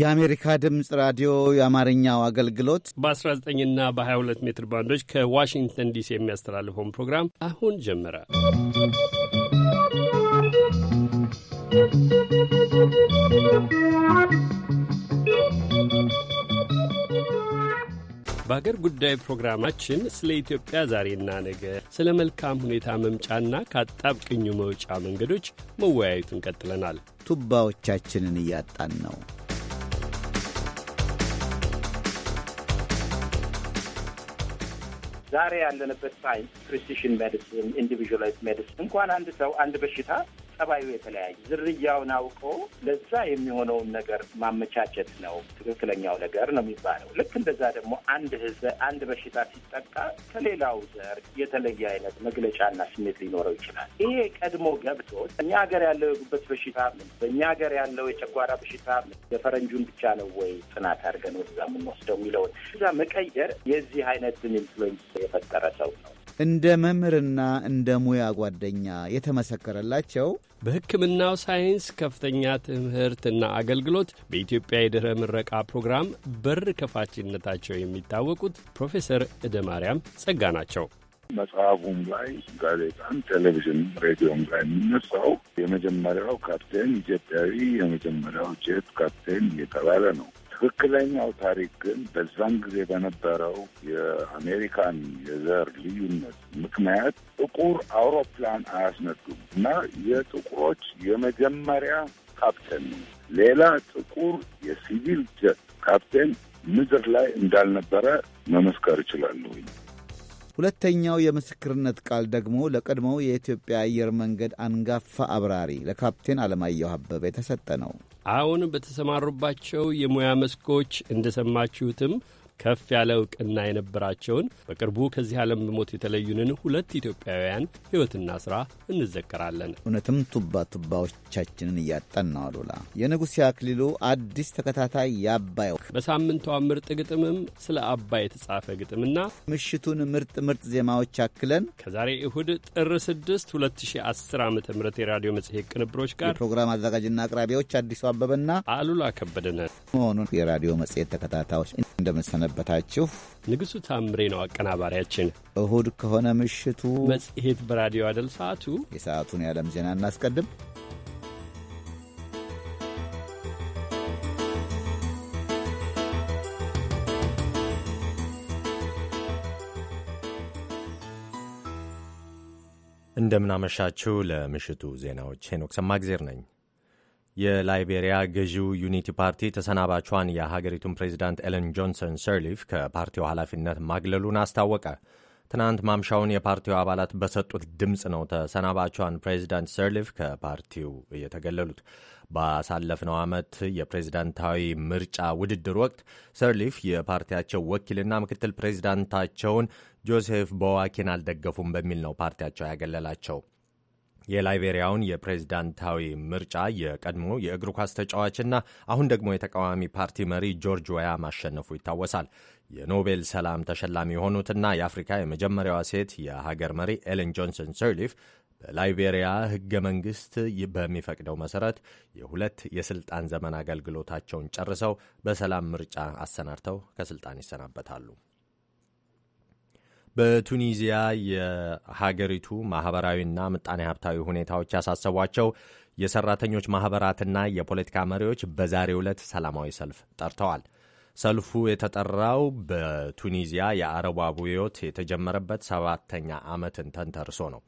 የአሜሪካ ድምፅ ራዲዮ የአማርኛው አገልግሎት በ19 እና በ22 ሜትር ባንዶች ከዋሽንግተን ዲሲ የሚያስተላልፈውን ፕሮግራም አሁን ጀመረ። በአገር ጉዳይ ፕሮግራማችን ስለ ኢትዮጵያ ዛሬና ነገ፣ ስለ መልካም ሁኔታ መምጫና ከአጣብቅኙ መውጫ መንገዶች መወያየቱን ቀጥለናል። ቱባዎቻችንን እያጣን ነው። ዛሬ ያለንበት ሳይንስ ፕሪሲሽን ሜዲሲን ኢንዲቪዥዋላይዝ ሜዲሲን እንኳን አንድ ሰው አንድ በሽታ ጸባዩ የተለያየ ዝርያውን አውቆ ለዛ የሚሆነውን ነገር ማመቻቸት ነው ትክክለኛው ነገር ነው የሚባለው። ልክ እንደዛ ደግሞ አንድ ህዝብ አንድ በሽታ ሲጠቃ ከሌላው ዘር የተለየ አይነት መግለጫና ስሜት ሊኖረው ይችላል። ይሄ ቀድሞ ገብቶ እኛ ሀገር ያለው የጉበት በሽታ ምን፣ በእኛ ሀገር ያለው የጨጓራ በሽታ ምን፣ የፈረንጁን ብቻ ነው ወይ ጥናት አድርገን ወደዛ የምንወስደው የሚለውን እዛ መቀየር የዚህ አይነት ኢንፍሉዌንስ የፈጠረ ሰው ነው። እንደ መምህርና እንደ ሙያ ጓደኛ የተመሰከረላቸው በሕክምናው ሳይንስ ከፍተኛ ትምህርትና አገልግሎት በኢትዮጵያ የድኅረ ምረቃ ፕሮግራም በር ከፋችነታቸው የሚታወቁት ፕሮፌሰር እደ ማርያም ጸጋ ናቸው። መጽሐፉም ላይ ጋዜጣም፣ ቴሌቪዥን፣ ሬዲዮም ላይ የሚነሳው የመጀመሪያው ካፕቴን ኢትዮጵያዊ የመጀመሪያው ጄት ካፕቴን እየተባለ ነው። ትክክለኛው ታሪክ ግን በዛን ጊዜ በነበረው የአሜሪካን የዘር ልዩነት ምክንያት ጥቁር አውሮፕላን አያስነዱም እና የጥቁሮች የመጀመሪያ ካፕቴን ነው። ሌላ ጥቁር የሲቪል ጀት ካፕቴን ምድር ላይ እንዳልነበረ መመስከር እችላለሁ። ሁለተኛው የምስክርነት ቃል ደግሞ ለቀድሞው የኢትዮጵያ አየር መንገድ አንጋፋ አብራሪ ለካፕቴን አለማየሁ አበበ የተሰጠ ነው። አሁን በተሰማሩባቸው የሙያ መስኮች እንደሰማችሁትም ከፍ ያለ እውቅና የነበራቸውን በቅርቡ ከዚህ ዓለም በሞት የተለዩንን ሁለት ኢትዮጵያውያን ሕይወትና ሥራ እንዘከራለን። እውነትም ቱባ ቱባዎቻችንን እያጠን ነው አሉላ የንጉሥ አክሊሉ አዲስ ተከታታይ የአባይ በሳምንቷ ምርጥ ግጥምም ስለ አባይ የተጻፈ ግጥምና ምሽቱን ምርጥ ምርጥ ዜማዎች አክለን ከዛሬ እሁድ ጥር 6 2010 ዓ ም የራዲዮ መጽሔት ቅንብሮች ጋር የፕሮግራም አዘጋጅና አቅራቢዎች አዲሱ አበበና አሉላ ከበደነ መሆኑን የራዲዮ መጽሔት ተከታታዮች እንደምንሰነበታችሁ። ንጉሡ ታምሬ ነው አቀናባሪያችን። እሁድ ከሆነ ምሽቱ መጽሔት በራዲዮ አደል ሰዓቱ። የሰዓቱን የዓለም ዜና እናስቀድም። እንደምናመሻችሁ። ለምሽቱ ዜናዎች ሄኖክ ሰማግዜር ነኝ። የላይቤሪያ ገዢው ዩኒቲ ፓርቲ ተሰናባቿን የሀገሪቱን ፕሬዚዳንት ኤለን ጆንሰን ሰርሊፍ ከፓርቲው ኃላፊነት ማግለሉን አስታወቀ። ትናንት ማምሻውን የፓርቲው አባላት በሰጡት ድምፅ ነው ተሰናባቿን ፕሬዚዳንት ሰርሊፍ ከፓርቲው የተገለሉት። ባሳለፍነው ዓመት የፕሬዚዳንታዊ ምርጫ ውድድር ወቅት ሰርሊፍ የፓርቲያቸው ወኪልና ምክትል ፕሬዚዳንታቸውን ጆሴፍ ቦዋኪን አልደገፉም በሚል ነው ፓርቲያቸው ያገለላቸው። የላይቤሪያውን የፕሬዝዳንታዊ ምርጫ የቀድሞ የእግር ኳስ ተጫዋችና አሁን ደግሞ የተቃዋሚ ፓርቲ መሪ ጆርጅ ወያ ማሸነፉ ይታወሳል። የኖቤል ሰላም ተሸላሚ የሆኑትና የአፍሪካ የመጀመሪያዋ ሴት የሀገር መሪ ኤለን ጆንሰን ሰርሊፍ በላይቤሪያ ሕገ መንግሥት በሚፈቅደው መሠረት የሁለት የሥልጣን ዘመን አገልግሎታቸውን ጨርሰው በሰላም ምርጫ አሰናድተው ከሥልጣን ይሰናበታሉ። በቱኒዚያ የሀገሪቱ ማህበራዊና ምጣኔ ሀብታዊ ሁኔታዎች ያሳሰቧቸው የሰራተኞች ማህበራትና የፖለቲካ መሪዎች በዛሬው ዕለት ሰላማዊ ሰልፍ ጠርተዋል። ሰልፉ የተጠራው በቱኒዚያ የአረቡ አብዮት የተጀመረበት ሰባተኛ ዓመትን ተንተርሶ ነው።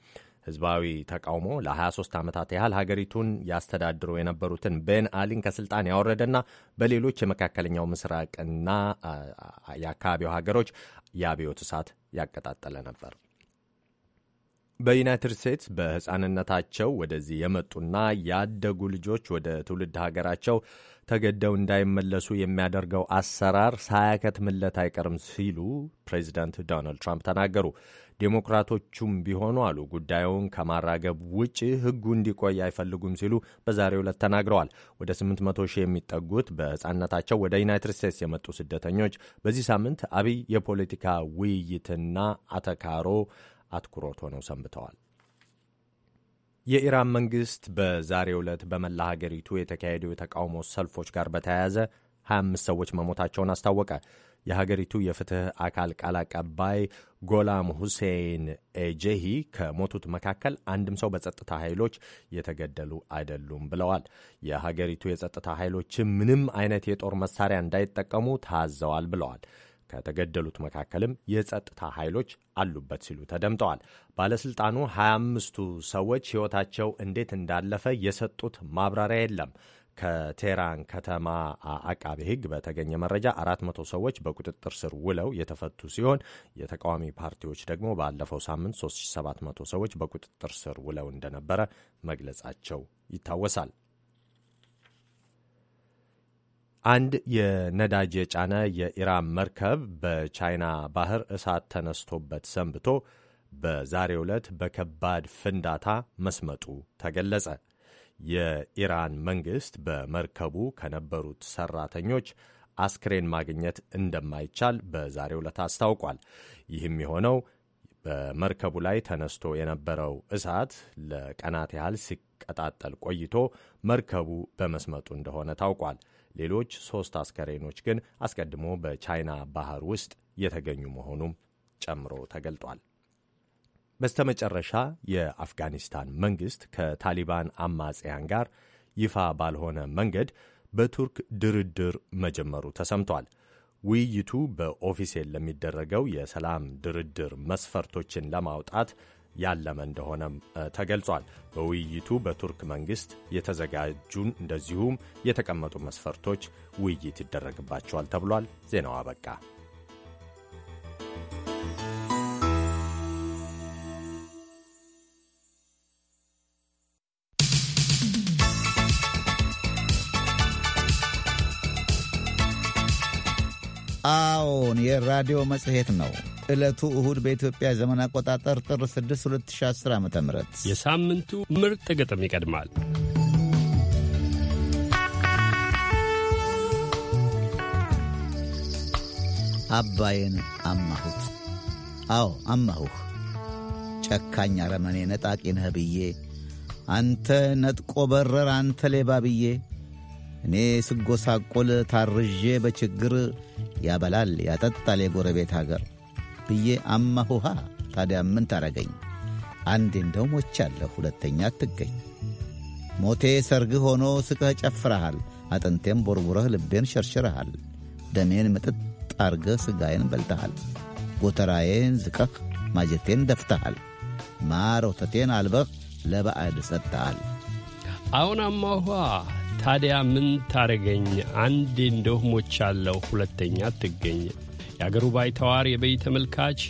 ህዝባዊ ተቃውሞ ለ23 ዓመታት ያህል ሀገሪቱን ያስተዳድሩ የነበሩትን ቤን አሊን ከስልጣን ያወረደና በሌሎች የመካከለኛው ምስራቅና የአካባቢው ሀገሮች የአብዮት እሳት ያቀጣጠለ ነበር። በዩናይትድ ስቴትስ በሕፃንነታቸው ወደዚህ የመጡና ያደጉ ልጆች ወደ ትውልድ ሀገራቸው ተገደው እንዳይመለሱ የሚያደርገው አሰራር ሳያከትምለት አይቀርም ሲሉ ፕሬዚዳንት ዶናልድ ትራምፕ ተናገሩ። ዴሞክራቶቹም ቢሆኑ አሉ ጉዳዩን ከማራገብ ውጭ ሕጉ እንዲቆይ አይፈልጉም ሲሉ በዛሬው ዕለት ተናግረዋል። ወደ 800 ሺህ የሚጠጉት በሕፃንነታቸው ወደ ዩናይትድ ስቴትስ የመጡ ስደተኞች በዚህ ሳምንት አብይ የፖለቲካ ውይይትና አተካሮ አትኩሮት ሆነው ሰንብተዋል። የኢራን መንግሥት በዛሬ ዕለት በመላ ሀገሪቱ የተካሄዱ የተቃውሞ ሰልፎች ጋር በተያያዘ 25 ሰዎች መሞታቸውን አስታወቀ። የሀገሪቱ የፍትህ አካል ቃል አቀባይ ጎላም ሁሴን ኤጄሂ ከሞቱት መካከል አንድም ሰው በጸጥታ ኃይሎች የተገደሉ አይደሉም ብለዋል። የሀገሪቱ የጸጥታ ኃይሎችም ምንም አይነት የጦር መሳሪያ እንዳይጠቀሙ ታዘዋል ብለዋል። ከተገደሉት መካከልም የጸጥታ ኃይሎች አሉበት ሲሉ ተደምጠዋል። ባለሥልጣኑ 25ቱ ሰዎች ሕይወታቸው እንዴት እንዳለፈ የሰጡት ማብራሪያ የለም። ከቴራን ከተማ አቃቤ ሕግ በተገኘ መረጃ አራት መቶ ሰዎች በቁጥጥር ስር ውለው የተፈቱ ሲሆን የተቃዋሚ ፓርቲዎች ደግሞ ባለፈው ሳምንት 3700 ሰዎች በቁጥጥር ስር ውለው እንደነበረ መግለጻቸው ይታወሳል። አንድ የነዳጅ የጫነ የኢራን መርከብ በቻይና ባህር እሳት ተነስቶበት ሰንብቶ በዛሬው ዕለት በከባድ ፍንዳታ መስመጡ ተገለጸ። የኢራን መንግስት በመርከቡ ከነበሩት ሰራተኞች አስክሬን ማግኘት እንደማይቻል በዛሬው ዕለት አስታውቋል። ይህም የሆነው በመርከቡ ላይ ተነስቶ የነበረው እሳት ለቀናት ያህል ሲቀጣጠል ቆይቶ መርከቡ በመስመጡ እንደሆነ ታውቋል። ሌሎች ሶስት አስከሬኖች ግን አስቀድሞ በቻይና ባህር ውስጥ የተገኙ መሆኑም ጨምሮ ተገልጧል። በስተመጨረሻ የአፍጋኒስታን መንግሥት ከታሊባን አማጽያን ጋር ይፋ ባልሆነ መንገድ በቱርክ ድርድር መጀመሩ ተሰምቷል። ውይይቱ በኦፊሴል ለሚደረገው የሰላም ድርድር መስፈርቶችን ለማውጣት ያለመ እንደሆነም ተገልጿል። በውይይቱ በቱርክ መንግሥት የተዘጋጁን እንደዚሁም የተቀመጡ መስፈርቶች ውይይት ይደረግባቸዋል ተብሏል። ዜናው አበቃ። የሚቀርበውን የራዲዮ መጽሔት ነው። ዕለቱ እሁድ በኢትዮጵያ ዘመን አቆጣጠር ጥር 6 2010 ዓ ም የሳምንቱ ምርጥ ግጥም ይቀድማል። አባይን አማሁት፣ አዎ አማሁህ፣ ጨካኝ አረመኔ ነጣቂ ነህ ብዬ አንተ ነጥቆ በረር አንተ ሌባ ብዬ እኔ ስጎሳቆል ታርዤ በችግር ያበላል ያጠጣል የጎረቤት አገር ብዬ አማሁሃ ታዲያ ምን ታረገኝ? አንዴ እንደው ሞቻለሁ ሁለተኛ አትገኝ። ሞቴ ሰርግ ሆኖ ስቀህ ጨፍረሃል፣ አጥንቴም ቦርቡረህ ልቤን ሸርሽረሃል፣ ደሜን ምጥጥ አርገህ ሥጋዬን በልተሃል፣ ጎተራዬን ዝቀህ ማጀቴን ደፍተሃል፣ ማር ወተቴን አልበህ ለባዕድ ሰጥተሃል። አሁን አማሁሃ ታዲያ ምን ታረገኝ? አንዴ እንደው ሞቻለሁ፣ ሁለተኛ ትገኝ የአገሩ ባይተዋር የበይ ተመልካች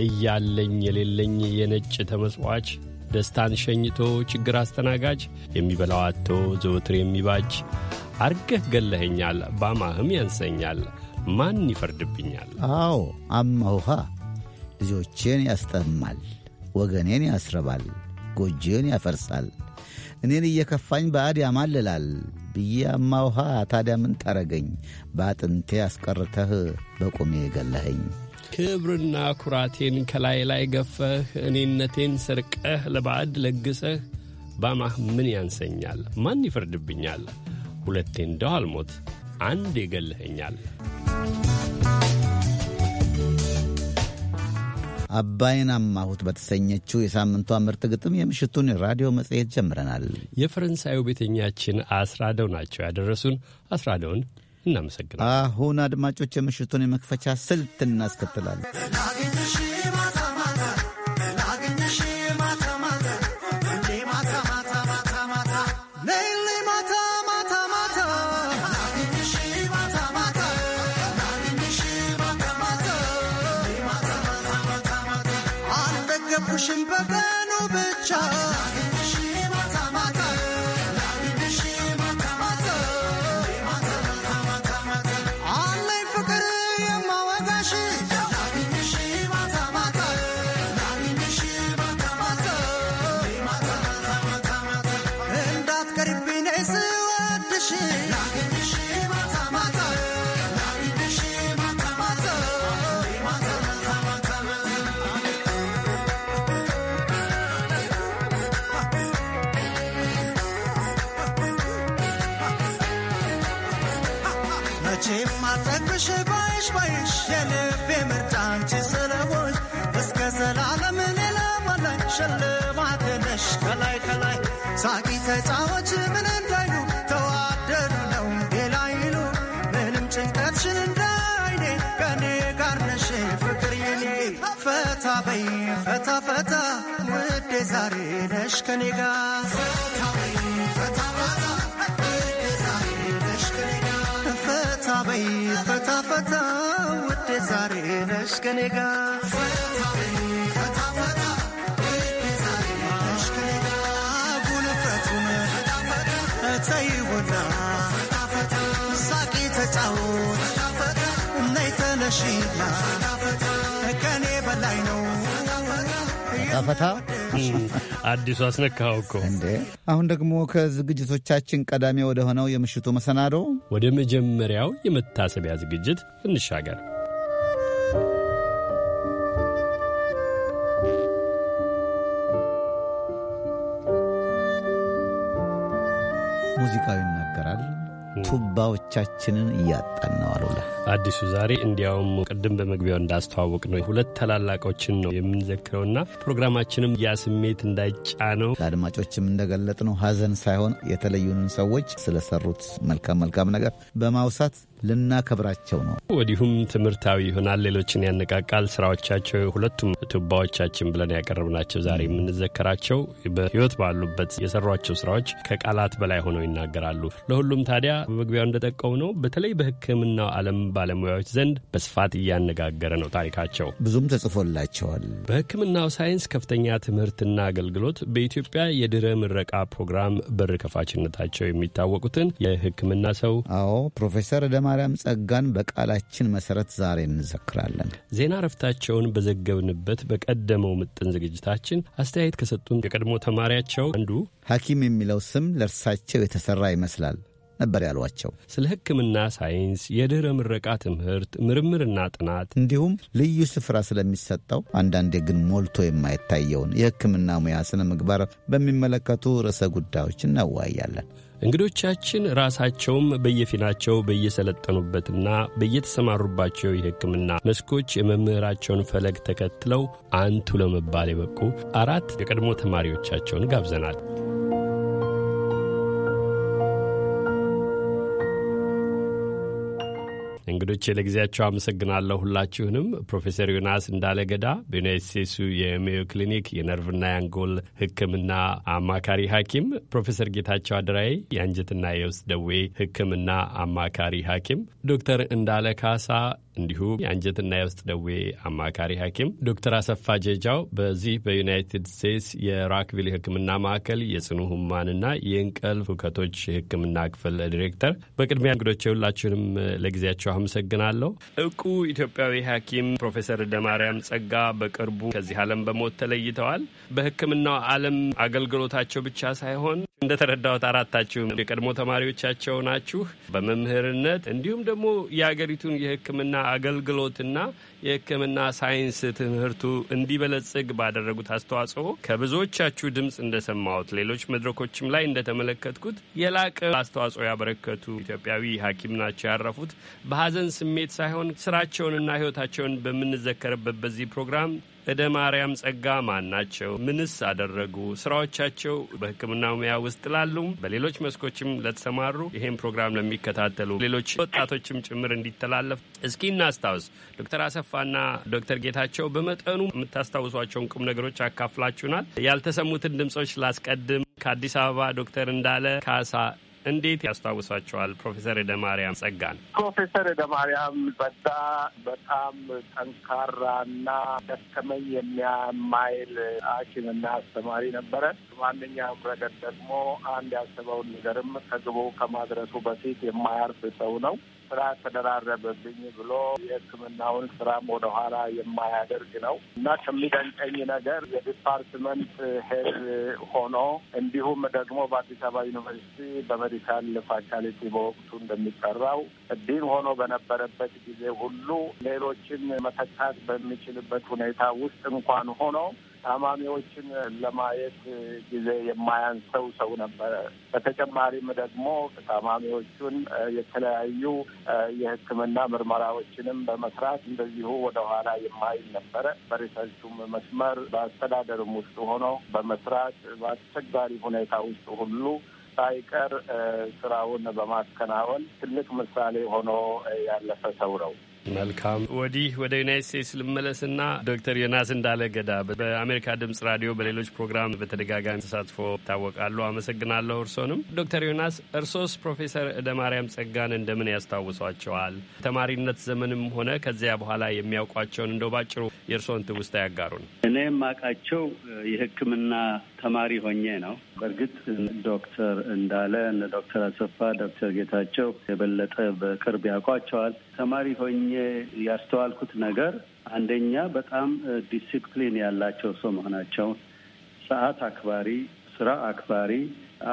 እያለኝ የሌለኝ የነጭ ተመጽዋች ደስታን ሸኝቶ ችግር አስተናጋጅ የሚበላው አቶ ዘወትር የሚባጅ አርገህ ገለኸኛል፣ ባማህም ያንሰኛል፣ ማን ይፈርድብኛል? አዎ አማውሃ ልጆቼን ያስጠማል፣ ወገኔን ያስረባል፣ ጎጆን ያፈርሳል እኔን እየከፋኝ ባዕድ ያማልላል ብዬ ውሃ ታዲያ ምን ጠረገኝ? በአጥንቴ አስቀርተህ በቁሜ የገለኸኝ ክብርና ኩራቴን ከላይ ላይ ገፈህ እኔነቴን ሰርቀህ ለባዕድ ለግሰህ ባማህ ምን ያንሰኛል? ማን ይፈርድብኛል? ሁለቴ እንደው አልሞት አንድ ይገልኸኛል። አባይን አማሁት በተሰኘችው የሳምንቷ ምርጥ ግጥም የምሽቱን የራዲዮ መጽሔት ጀምረናል። የፈረንሳዩ ቤተኛችን አስራደው ናቸው ያደረሱን። አስራደውን እናመሰግናል። አሁን አድማጮች፣ የምሽቱን የመክፈቻ ስልት እናስከትላለን። ሽን በቀኑ ብቻ ፈታ ፈታ ውዴ ዛሬ ነሽ ከኔ ጋር ፈታ በይ ፈታ ፈታ ውዴ ዛሬ ነሽ ከኔ ጋር ሳቂ ተጫወት ነይ ተነሺና ፈታ አዲሱ አስነካኸው እኮ እንዴ። አሁን ደግሞ ከዝግጅቶቻችን ቀዳሚ ወደ ሆነው የምሽቱ መሰናዶ ወደ መጀመሪያው የመታሰቢያ ዝግጅት እንሻገር። ሙዚቃው ይናገራል ቱባዎቻችንን እያጣን ነው። አሉላ አዲሱ ዛሬ እንዲያውም ቅድም በመግቢያው እንዳስተዋወቅ ነው ሁለት ታላላቆችን ነው የምንዘክረውና ፕሮግራማችንም ያ ስሜት እንዳይጫነው ለአድማጮችም እንደገለጥ ነው ሀዘን ሳይሆን የተለዩንን ሰዎች ስለሰሩት መልካም መልካም ነገር በማውሳት ልናከብራቸው ነው። ወዲሁም ትምህርታዊ ይሆናል፣ ሌሎችን ያነቃቃል። ስራዎቻቸው ሁለቱም ቱባዎቻችን ብለን ያቀረብናቸው ዛሬ የምንዘከራቸው በህይወት ባሉበት የሰሯቸው ስራዎች ከቃላት በላይ ሆነው ይናገራሉ። ለሁሉም ታዲያ በመግቢያው እንደጠቀው ነው በተለይ በሕክምናው ዓለም ባለሙያዎች ዘንድ በስፋት እያነጋገረ ነው ታሪካቸው ብዙም ተጽፎላቸዋል። በሕክምናው ሳይንስ ከፍተኛ ትምህርትና አገልግሎት በኢትዮጵያ የድረ ምረቃ ፕሮግራም በር ከፋችነታቸው የሚታወቁትን የሕክምና ሰው አዎ ፕሮፌሰር ደማ ማርያም ጸጋን በቃላችን መሠረት ዛሬ እንዘክራለን። ዜና እረፍታቸውን በዘገብንበት በቀደመው ምጥን ዝግጅታችን አስተያየት ከሰጡን የቀድሞ ተማሪያቸው አንዱ ሐኪም የሚለው ስም ለእርሳቸው የተሠራ ይመስላል ነበር ያሏቸው። ስለ ሕክምና ሳይንስ፣ የድኅረ ምረቃ ትምህርት ምርምርና ጥናት እንዲሁም ልዩ ስፍራ ስለሚሰጠው አንዳንዴ ግን ሞልቶ የማይታየውን የሕክምና ሙያ ስነ ምግባር በሚመለከቱ ርዕሰ ጉዳዮች እናወያያለን። እንግዶቻችን ራሳቸውም በየፊናቸው በየሰለጠኑበትና በየተሰማሩባቸው የሕክምና መስኮች የመምህራቸውን ፈለግ ተከትለው አንቱ ለመባል የበቁ አራት የቀድሞ ተማሪዎቻቸውን ጋብዘናል። እንግዶቼ ለጊዜያቸው አመሰግናለሁ ሁላችሁንም። ፕሮፌሰር ዮናስ እንዳለገዳ በዩናይት ስቴትሱ የሜዮ ክሊኒክ የነርቭና የአንጎል ሕክምና አማካሪ ሐኪም፣ ፕሮፌሰር ጌታቸው አድራዬ የአንጀትና የውስጥ ደዌ ሕክምና አማካሪ ሐኪም፣ ዶክተር እንዳለ ካሳ እንዲሁም የአንጀትና የውስጥ ደዌ አማካሪ ሐኪም ዶክተር አሰፋ ጀጃው በዚህ በዩናይትድ ስቴትስ የራክቪል ሕክምና ማዕከል የጽኑ ህሙማንና የእንቅልፍ ሁከቶች ሕክምና ክፍል ዲሬክተር፣ በቅድሚያ እንግዶች ሁላችሁንም ለጊዜያቸው አመሰግናለሁ። እውቁ ኢትዮጵያዊ ሐኪም ፕሮፌሰር ደማርያም ጸጋ በቅርቡ ከዚህ ዓለም በሞት ተለይተዋል። በሕክምናው ዓለም አገልግሎታቸው ብቻ ሳይሆን እንደተረዳሁት አራታችሁም የቀድሞ ተማሪዎቻቸው ናችሁ። በመምህርነት እንዲሁም ደግሞ የአገሪቱን የሕክምና አገልግሎትና የሕክምና ሳይንስ ትምህርቱ እንዲበለጽግ ባደረጉት አስተዋጽኦ ከብዙዎቻችሁ ድምፅ እንደሰማሁት ሌሎች መድረኮችም ላይ እንደተመለከትኩት የላቀ አስተዋጽኦ ያበረከቱ ኢትዮጵያዊ ሐኪም ናቸው ያረፉት። በሐዘን ስሜት ሳይሆን ስራቸውንና ሕይወታቸውን በምንዘከርበት በዚህ ፕሮግራም እደ ማርያም ጸጋ ማን ናቸው? ምንስ አደረጉ? ስራዎቻቸው በሕክምና ሙያ ውስጥ ላሉም በሌሎች መስኮችም ለተሰማሩ ይህን ፕሮግራም ለሚከታተሉ ሌሎች ወጣቶችም ጭምር እንዲተላለፍ እስኪ እናስታውስ። ዶክተር አሰፋና ዶክተር ጌታቸው በመጠኑ የምታስታውሷቸውን ቁም ነገሮች አካፍላችሁናል። ያልተሰሙትን ድምጾች ላስቀድም። ከአዲስ አበባ ዶክተር እንዳለ ካሳ እንዴት ያስታውሳቸዋል ፕሮፌሰር ማርያም ጸጋን። ፕሮፌሰር ማርያም ጸጋ በጣም ጠንካራና ደከመኝ የሚያማይል ሐኪምና አስተማሪ ነበረ። ማንኛውም ረገድ ደግሞ አንድ ያሰበውን ነገርም ከግቡ ከማድረሱ በፊት የማያርፍ ሰው ነው። ስራ ተደራረበብኝ ብሎ የሕክምናውን ስራም ወደኋላ የማያደርግ ነው እና ከሚደንቀኝ ነገር የዲፓርትመንት ሄድ ሆኖ እንዲሁም ደግሞ በአዲስ አበባ ዩኒቨርሲቲ በሜዲካል ፋካልቲ በወቅቱ እንደሚጠራው ዲን ሆኖ በነበረበት ጊዜ ሁሉ ሌሎችን መተካት በሚችልበት ሁኔታ ውስጥ እንኳን ሆኖ ታማሚዎችን ለማየት ጊዜ የማያንሰው ሰው ነበረ። በተጨማሪም ደግሞ ታማሚዎቹን የተለያዩ የሕክምና ምርመራዎችንም በመስራት እንደዚሁ ወደኋላ የማይል ነበረ። በሪሰርቹም መስመር በአስተዳደርም ውስጥ ሆኖ በመስራት በአስቸጋሪ ሁኔታ ውስጥ ሁሉ ሳይቀር ስራውን በማከናወን ትልቅ ምሳሌ ሆኖ ያለፈ ሰው ነው። መልካም ወዲህ ወደ ዩናይት ስቴትስ ልመለስና ዶክተር ዮናስ እንዳለ ገዳ በአሜሪካ ድምጽ ራዲዮ በሌሎች ፕሮግራም በተደጋጋሚ ተሳትፎ ይታወቃሉ። አመሰግናለሁ እርሶንም ዶክተር ዮናስ እርሶስ ፕሮፌሰር እደ ማርያም ጸጋን እንደምን ያስታውሷቸዋል? ተማሪነት ዘመንም ሆነ ከዚያ በኋላ የሚያውቋቸውን እንደው ባጭሩ የእርስዎን ትውስታ ያጋሩን። እኔም አውቃቸው የሕክምና ተማሪ ሆኜ ነው። በእርግጥ ዶክተር እንዳለ ዶክተር አሰፋ፣ ዶክተር ጌታቸው የበለጠ በቅርብ ያውቋቸዋል። ተማሪ ሆኜ ያስተዋልኩት ነገር አንደኛ በጣም ዲሲፕሊን ያላቸው ሰው መሆናቸው። ሰዓት አክባሪ፣ ስራ አክባሪ፣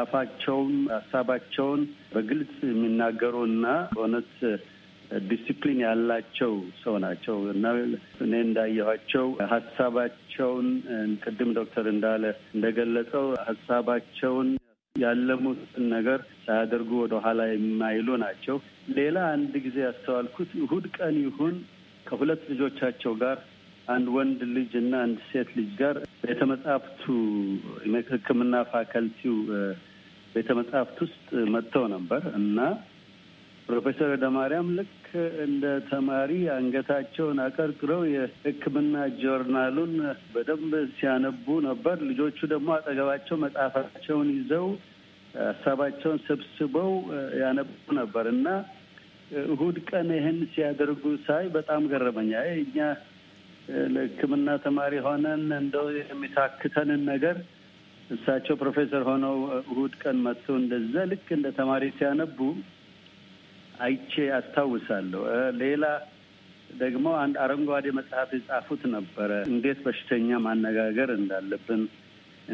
አፋቸውን ሀሳባቸውን በግልጽ የሚናገሩ እና በእውነት ዲሲፕሊን ያላቸው ሰው ናቸው እና እኔ እንዳየኋቸው ሀሳባቸውን ቅድም ዶክተር እንዳለ እንደገለጸው ሀሳባቸውን ያለሙትን ነገር ሳያደርጉ ወደ ኋላ የማይሉ ናቸው። ሌላ አንድ ጊዜ ያስተዋልኩት እሁድ ቀን ይሁን ከሁለት ልጆቻቸው ጋር አንድ ወንድ ልጅ እና አንድ ሴት ልጅ ጋር ቤተ መጽሐፍቱ ሕክምና ፋከልቲው ቤተ መጽሐፍት ውስጥ መጥተው ነበር እና ፕሮፌሰር ደማርያም ልክ እንደ ተማሪ አንገታቸውን አቀርቅረው የሕክምና ጆርናሉን በደንብ ሲያነቡ ነበር። ልጆቹ ደግሞ አጠገባቸው መጽሐፋቸውን ይዘው ሀሳባቸውን ሰብስበው ያነቡ ነበር እና እሁድ ቀን ይህን ሲያደርጉ ሳይ በጣም ገረመኛ። እኛ ለሕክምና ተማሪ ሆነን እንደው የሚታክተንን ነገር እሳቸው ፕሮፌሰር ሆነው እሁድ ቀን መጥቶ እንደዛ ልክ እንደ ተማሪ ሲያነቡ አይቼ አስታውሳለሁ። ሌላ ደግሞ አንድ አረንጓዴ መጽሐፍ የጻፉት ነበረ። እንዴት በሽተኛ ማነጋገር እንዳለብን፣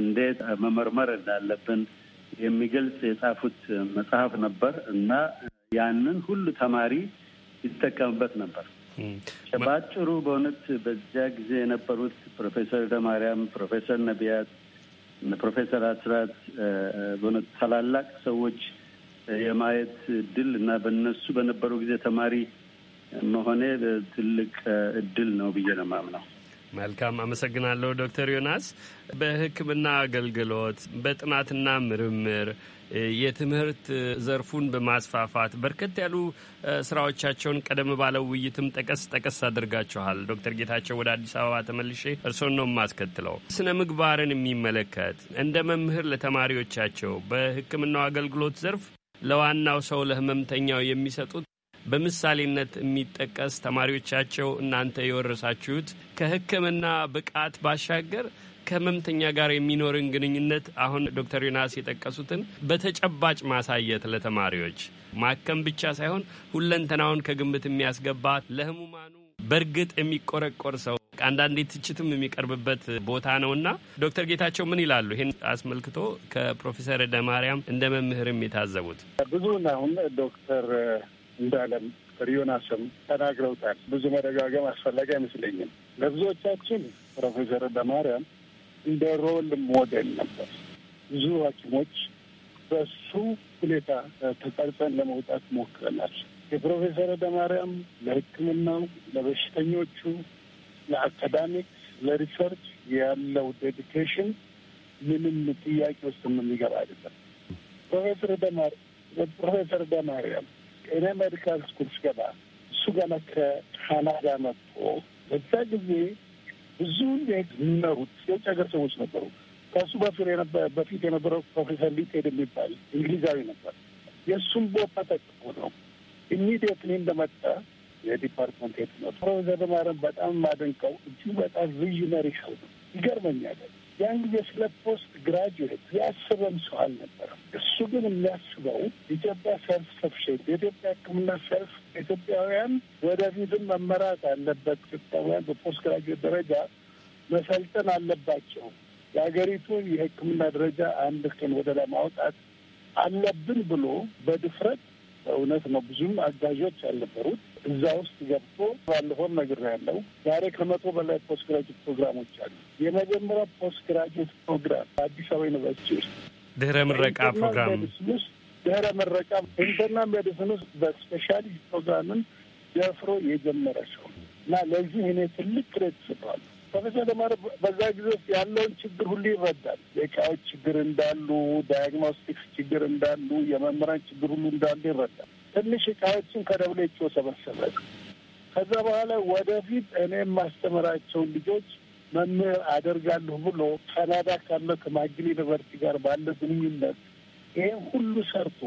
እንዴት መመርመር እንዳለብን የሚገልጽ የጻፉት መጽሐፍ ነበር እና ያንን ሁሉ ተማሪ ይጠቀምበት ነበር። በአጭሩ በእውነት በዚያ ጊዜ የነበሩት ፕሮፌሰር ደማርያም፣ ፕሮፌሰር ነቢያት፣ ፕሮፌሰር አስራት በእውነት ታላላቅ ሰዎች የማየት እድል እና በነሱ በነበሩ ጊዜ ተማሪ መሆኔ ትልቅ እድል ነው ብዬ ነው የማምነው። መልካም አመሰግናለሁ ዶክተር ዮናስ። በህክምና አገልግሎት በጥናትና ምርምር የትምህርት ዘርፉን በማስፋፋት በርከት ያሉ ስራዎቻቸውን ቀደም ባለው ውይይትም ጠቀስ ጠቀስ አድርጋችኋል። ዶክተር ጌታቸው ወደ አዲስ አበባ ተመልሼ እርስዎን ነው የማስከትለው። ስነ ምግባርን የሚመለከት እንደ መምህር ለተማሪዎቻቸው በሕክምናው አገልግሎት ዘርፍ ለዋናው ሰው ለህመምተኛው የሚሰጡት በምሳሌነት የሚጠቀስ ተማሪዎቻቸው እናንተ የወረሳችሁት ከሕክምና ብቃት ባሻገር ከህመምተኛ ጋር የሚኖርን ግንኙነት አሁን ዶክተር ዮናስ የጠቀሱትን በተጨባጭ ማሳየት ለተማሪዎች ማከም ብቻ ሳይሆን ሁለንተናውን ከግምት የሚያስገባ ለህሙማኑ በእርግጥ የሚቆረቆር ሰው አንዳንዴ ትችትም የሚቀርብበት ቦታ ነውና ዶክተር ጌታቸው ምን ይላሉ? ይህን አስመልክቶ ከፕሮፌሰር ደማርያም እንደ መምህርም የታዘቡት ብዙውን አሁን ዶክተር እንዳለም ሪዮናስም ተናግረውታል። ብዙ መደጋገም አስፈላጊ አይመስለኝም። ለብዙዎቻችን ፕሮፌሰር ደማርያም እንደ ሮል ሞዴል ነበር። ብዙ ሐኪሞች በሱ ሁኔታ ተቀርጸን ለመውጣት ሞክረናል። የፕሮፌሰር ደማርያም ለሕክምናው፣ ለበሽተኞቹ፣ ለአካዳሚክስ፣ ለሪሰርች ያለው ዴዲኬሽን ምንም ጥያቄ ውስጥ የሚገባ አይደለም። ፕሮፌሰር ደማ ፕሮፌሰር ደማርያም እኔ ሜዲካል ስኩል ስገባ እሱ ገና ከካናዳ መጥቶ በዛ ጊዜ ብዙ የሚመሩት የውጭ ሀገር ሰዎች ነበሩ። ከእሱ በፊር በፊት የነበረው ፕሮፌሰር ሊጤድ የሚባል እንግሊዛዊ ነበር። የእሱም ቦታ ተጠቅሞ ነው ኢሚዲየትሊ እንደመጣ የዲፓርትመንት ሄድ ነው። ፕሮፌሰር ማረም በጣም የማደንቀው እጅ በጣም ቪዥነሪ ሰው ነው። ይገርመኛል። ያን ጊዜ ስለ ፖስት ግራጁዌት ያስበም ሰው አልነበረም። እሱ ግን የሚያስበው ኢትዮጵያ ሰልፍ ሰፊሽንት የኢትዮጵያ ሕክምና ሰልፍ ኢትዮጵያውያን ወደፊትም መመራት አለበት። ኢትዮጵያውያን በፖስት ግራጁዌት ደረጃ መሰልጠን አለባቸው። የሀገሪቱን የሕክምና ደረጃ አንድ ቀን ወደ ላይ ማውጣት አለብን ብሎ በድፍረት እውነት ነው። ብዙም አጋዦች ያልነበሩት እዛ ውስጥ ገብቶ ባለፈው ነገር ያለው ዛሬ ከመቶ በላይ ፖስት ግራጁዌት ፕሮግራሞች አሉ። የመጀመሪያ ፖስት ግራጁዌት ፕሮግራም በአዲስ አበባ ዩኒቨርሲቲ ውስጥ ድህረ ምረቃ ፕሮግራም ድህረ ምረቃ ኢንተርና ሜዲሲን ውስጥ በስፔሻሊስት ፕሮግራምን ደፍሮ የጀመረ ሰው እና ለዚህ እኔ ትልቅ ክሬት ስባለሁ። ፕሮፌሰር ደማር በዛ ጊዜ ውስጥ ያለውን ችግር ሁሉ ይረዳል። የእቃዎች ችግር እንዳሉ፣ ዳያግኖስቲክስ ችግር እንዳሉ፣ የመምህራን ችግር ሁሉ እንዳሉ ይረዳል። ትንሽ እቃዎችን ከደብሌቾ ሰበሰበ። ከዛ በኋላ ወደፊት እኔ የማስተምራቸውን ልጆች መምህር አደርጋለሁ ብሎ ካናዳ ካለ ከማግል ዩኒቨርሲቲ ጋር ባለ ግንኙነት ይህም ሁሉ ሰርቶ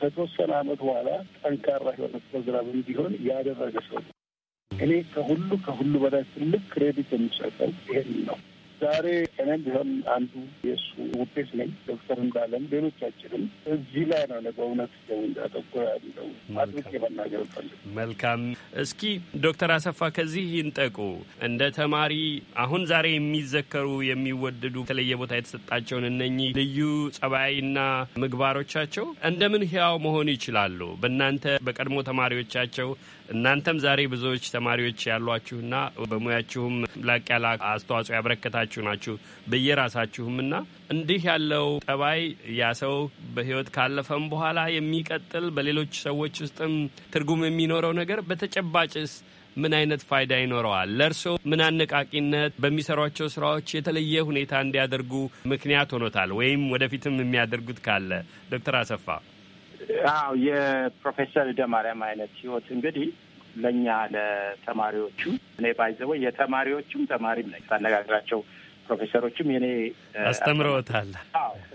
ከተወሰነ ዓመት በኋላ ጠንካራ የሆነ ፕሮግራም እንዲሆን ያደረገ ሰው ነው። እኔ ከሁሉ ከሁሉ በላይ ትልቅ ክሬዲት የሚሰጠው ይህን ነው። ዛሬ እኔም ቢሆን አንዱ የእሱ ውጤት ነኝ። ዶክተር እንዳለም ሌሎቻችንም እዚህ ላይ ነው ነ በእውነት እንዳጠቆ ያለው አድርጌ የመናገር ፈልግ። መልካም እስኪ ዶክተር አሰፋ ከዚህ ይንጠቁ እንደ ተማሪ አሁን ዛሬ የሚዘከሩ የሚወደዱ የተለየ ቦታ የተሰጣቸውን እነኚህ ልዩ ጸባይና ምግባሮቻቸው እንደምን ህያው መሆን ይችላሉ? በእናንተ በቀድሞ ተማሪዎቻቸው እናንተም ዛሬ ብዙዎች ተማሪዎች ያሏችሁና በሙያችሁም ላቅ ያለ አስተዋጽኦ ያበረከታችሁ ያላችሁ ናችሁ በየራሳችሁምና እንዲህ ያለው ጠባይ ያ ሰው በህይወት ካለፈም በኋላ የሚቀጥል በሌሎች ሰዎች ውስጥም ትርጉም የሚኖረው ነገር በተጨባጭስ ምን አይነት ፋይዳ ይኖረዋል? ለእርስዎ ምን አነቃቂነት በሚሰሯቸው ስራዎች የተለየ ሁኔታ እንዲያደርጉ ምክንያት ሆኖታል? ወይም ወደፊትም የሚያደርጉት ካለ ዶክተር አሰፋ። አዎ የፕሮፌሰር ደማርያም አይነት ህይወት እንግዲህ ለእኛ ለተማሪዎቹ እኔ ባይዘወ የተማሪዎቹም ተማሪም ነኝ ሳነጋግራቸው ፕሮፌሰሮችም የኔ አስተምረውታል።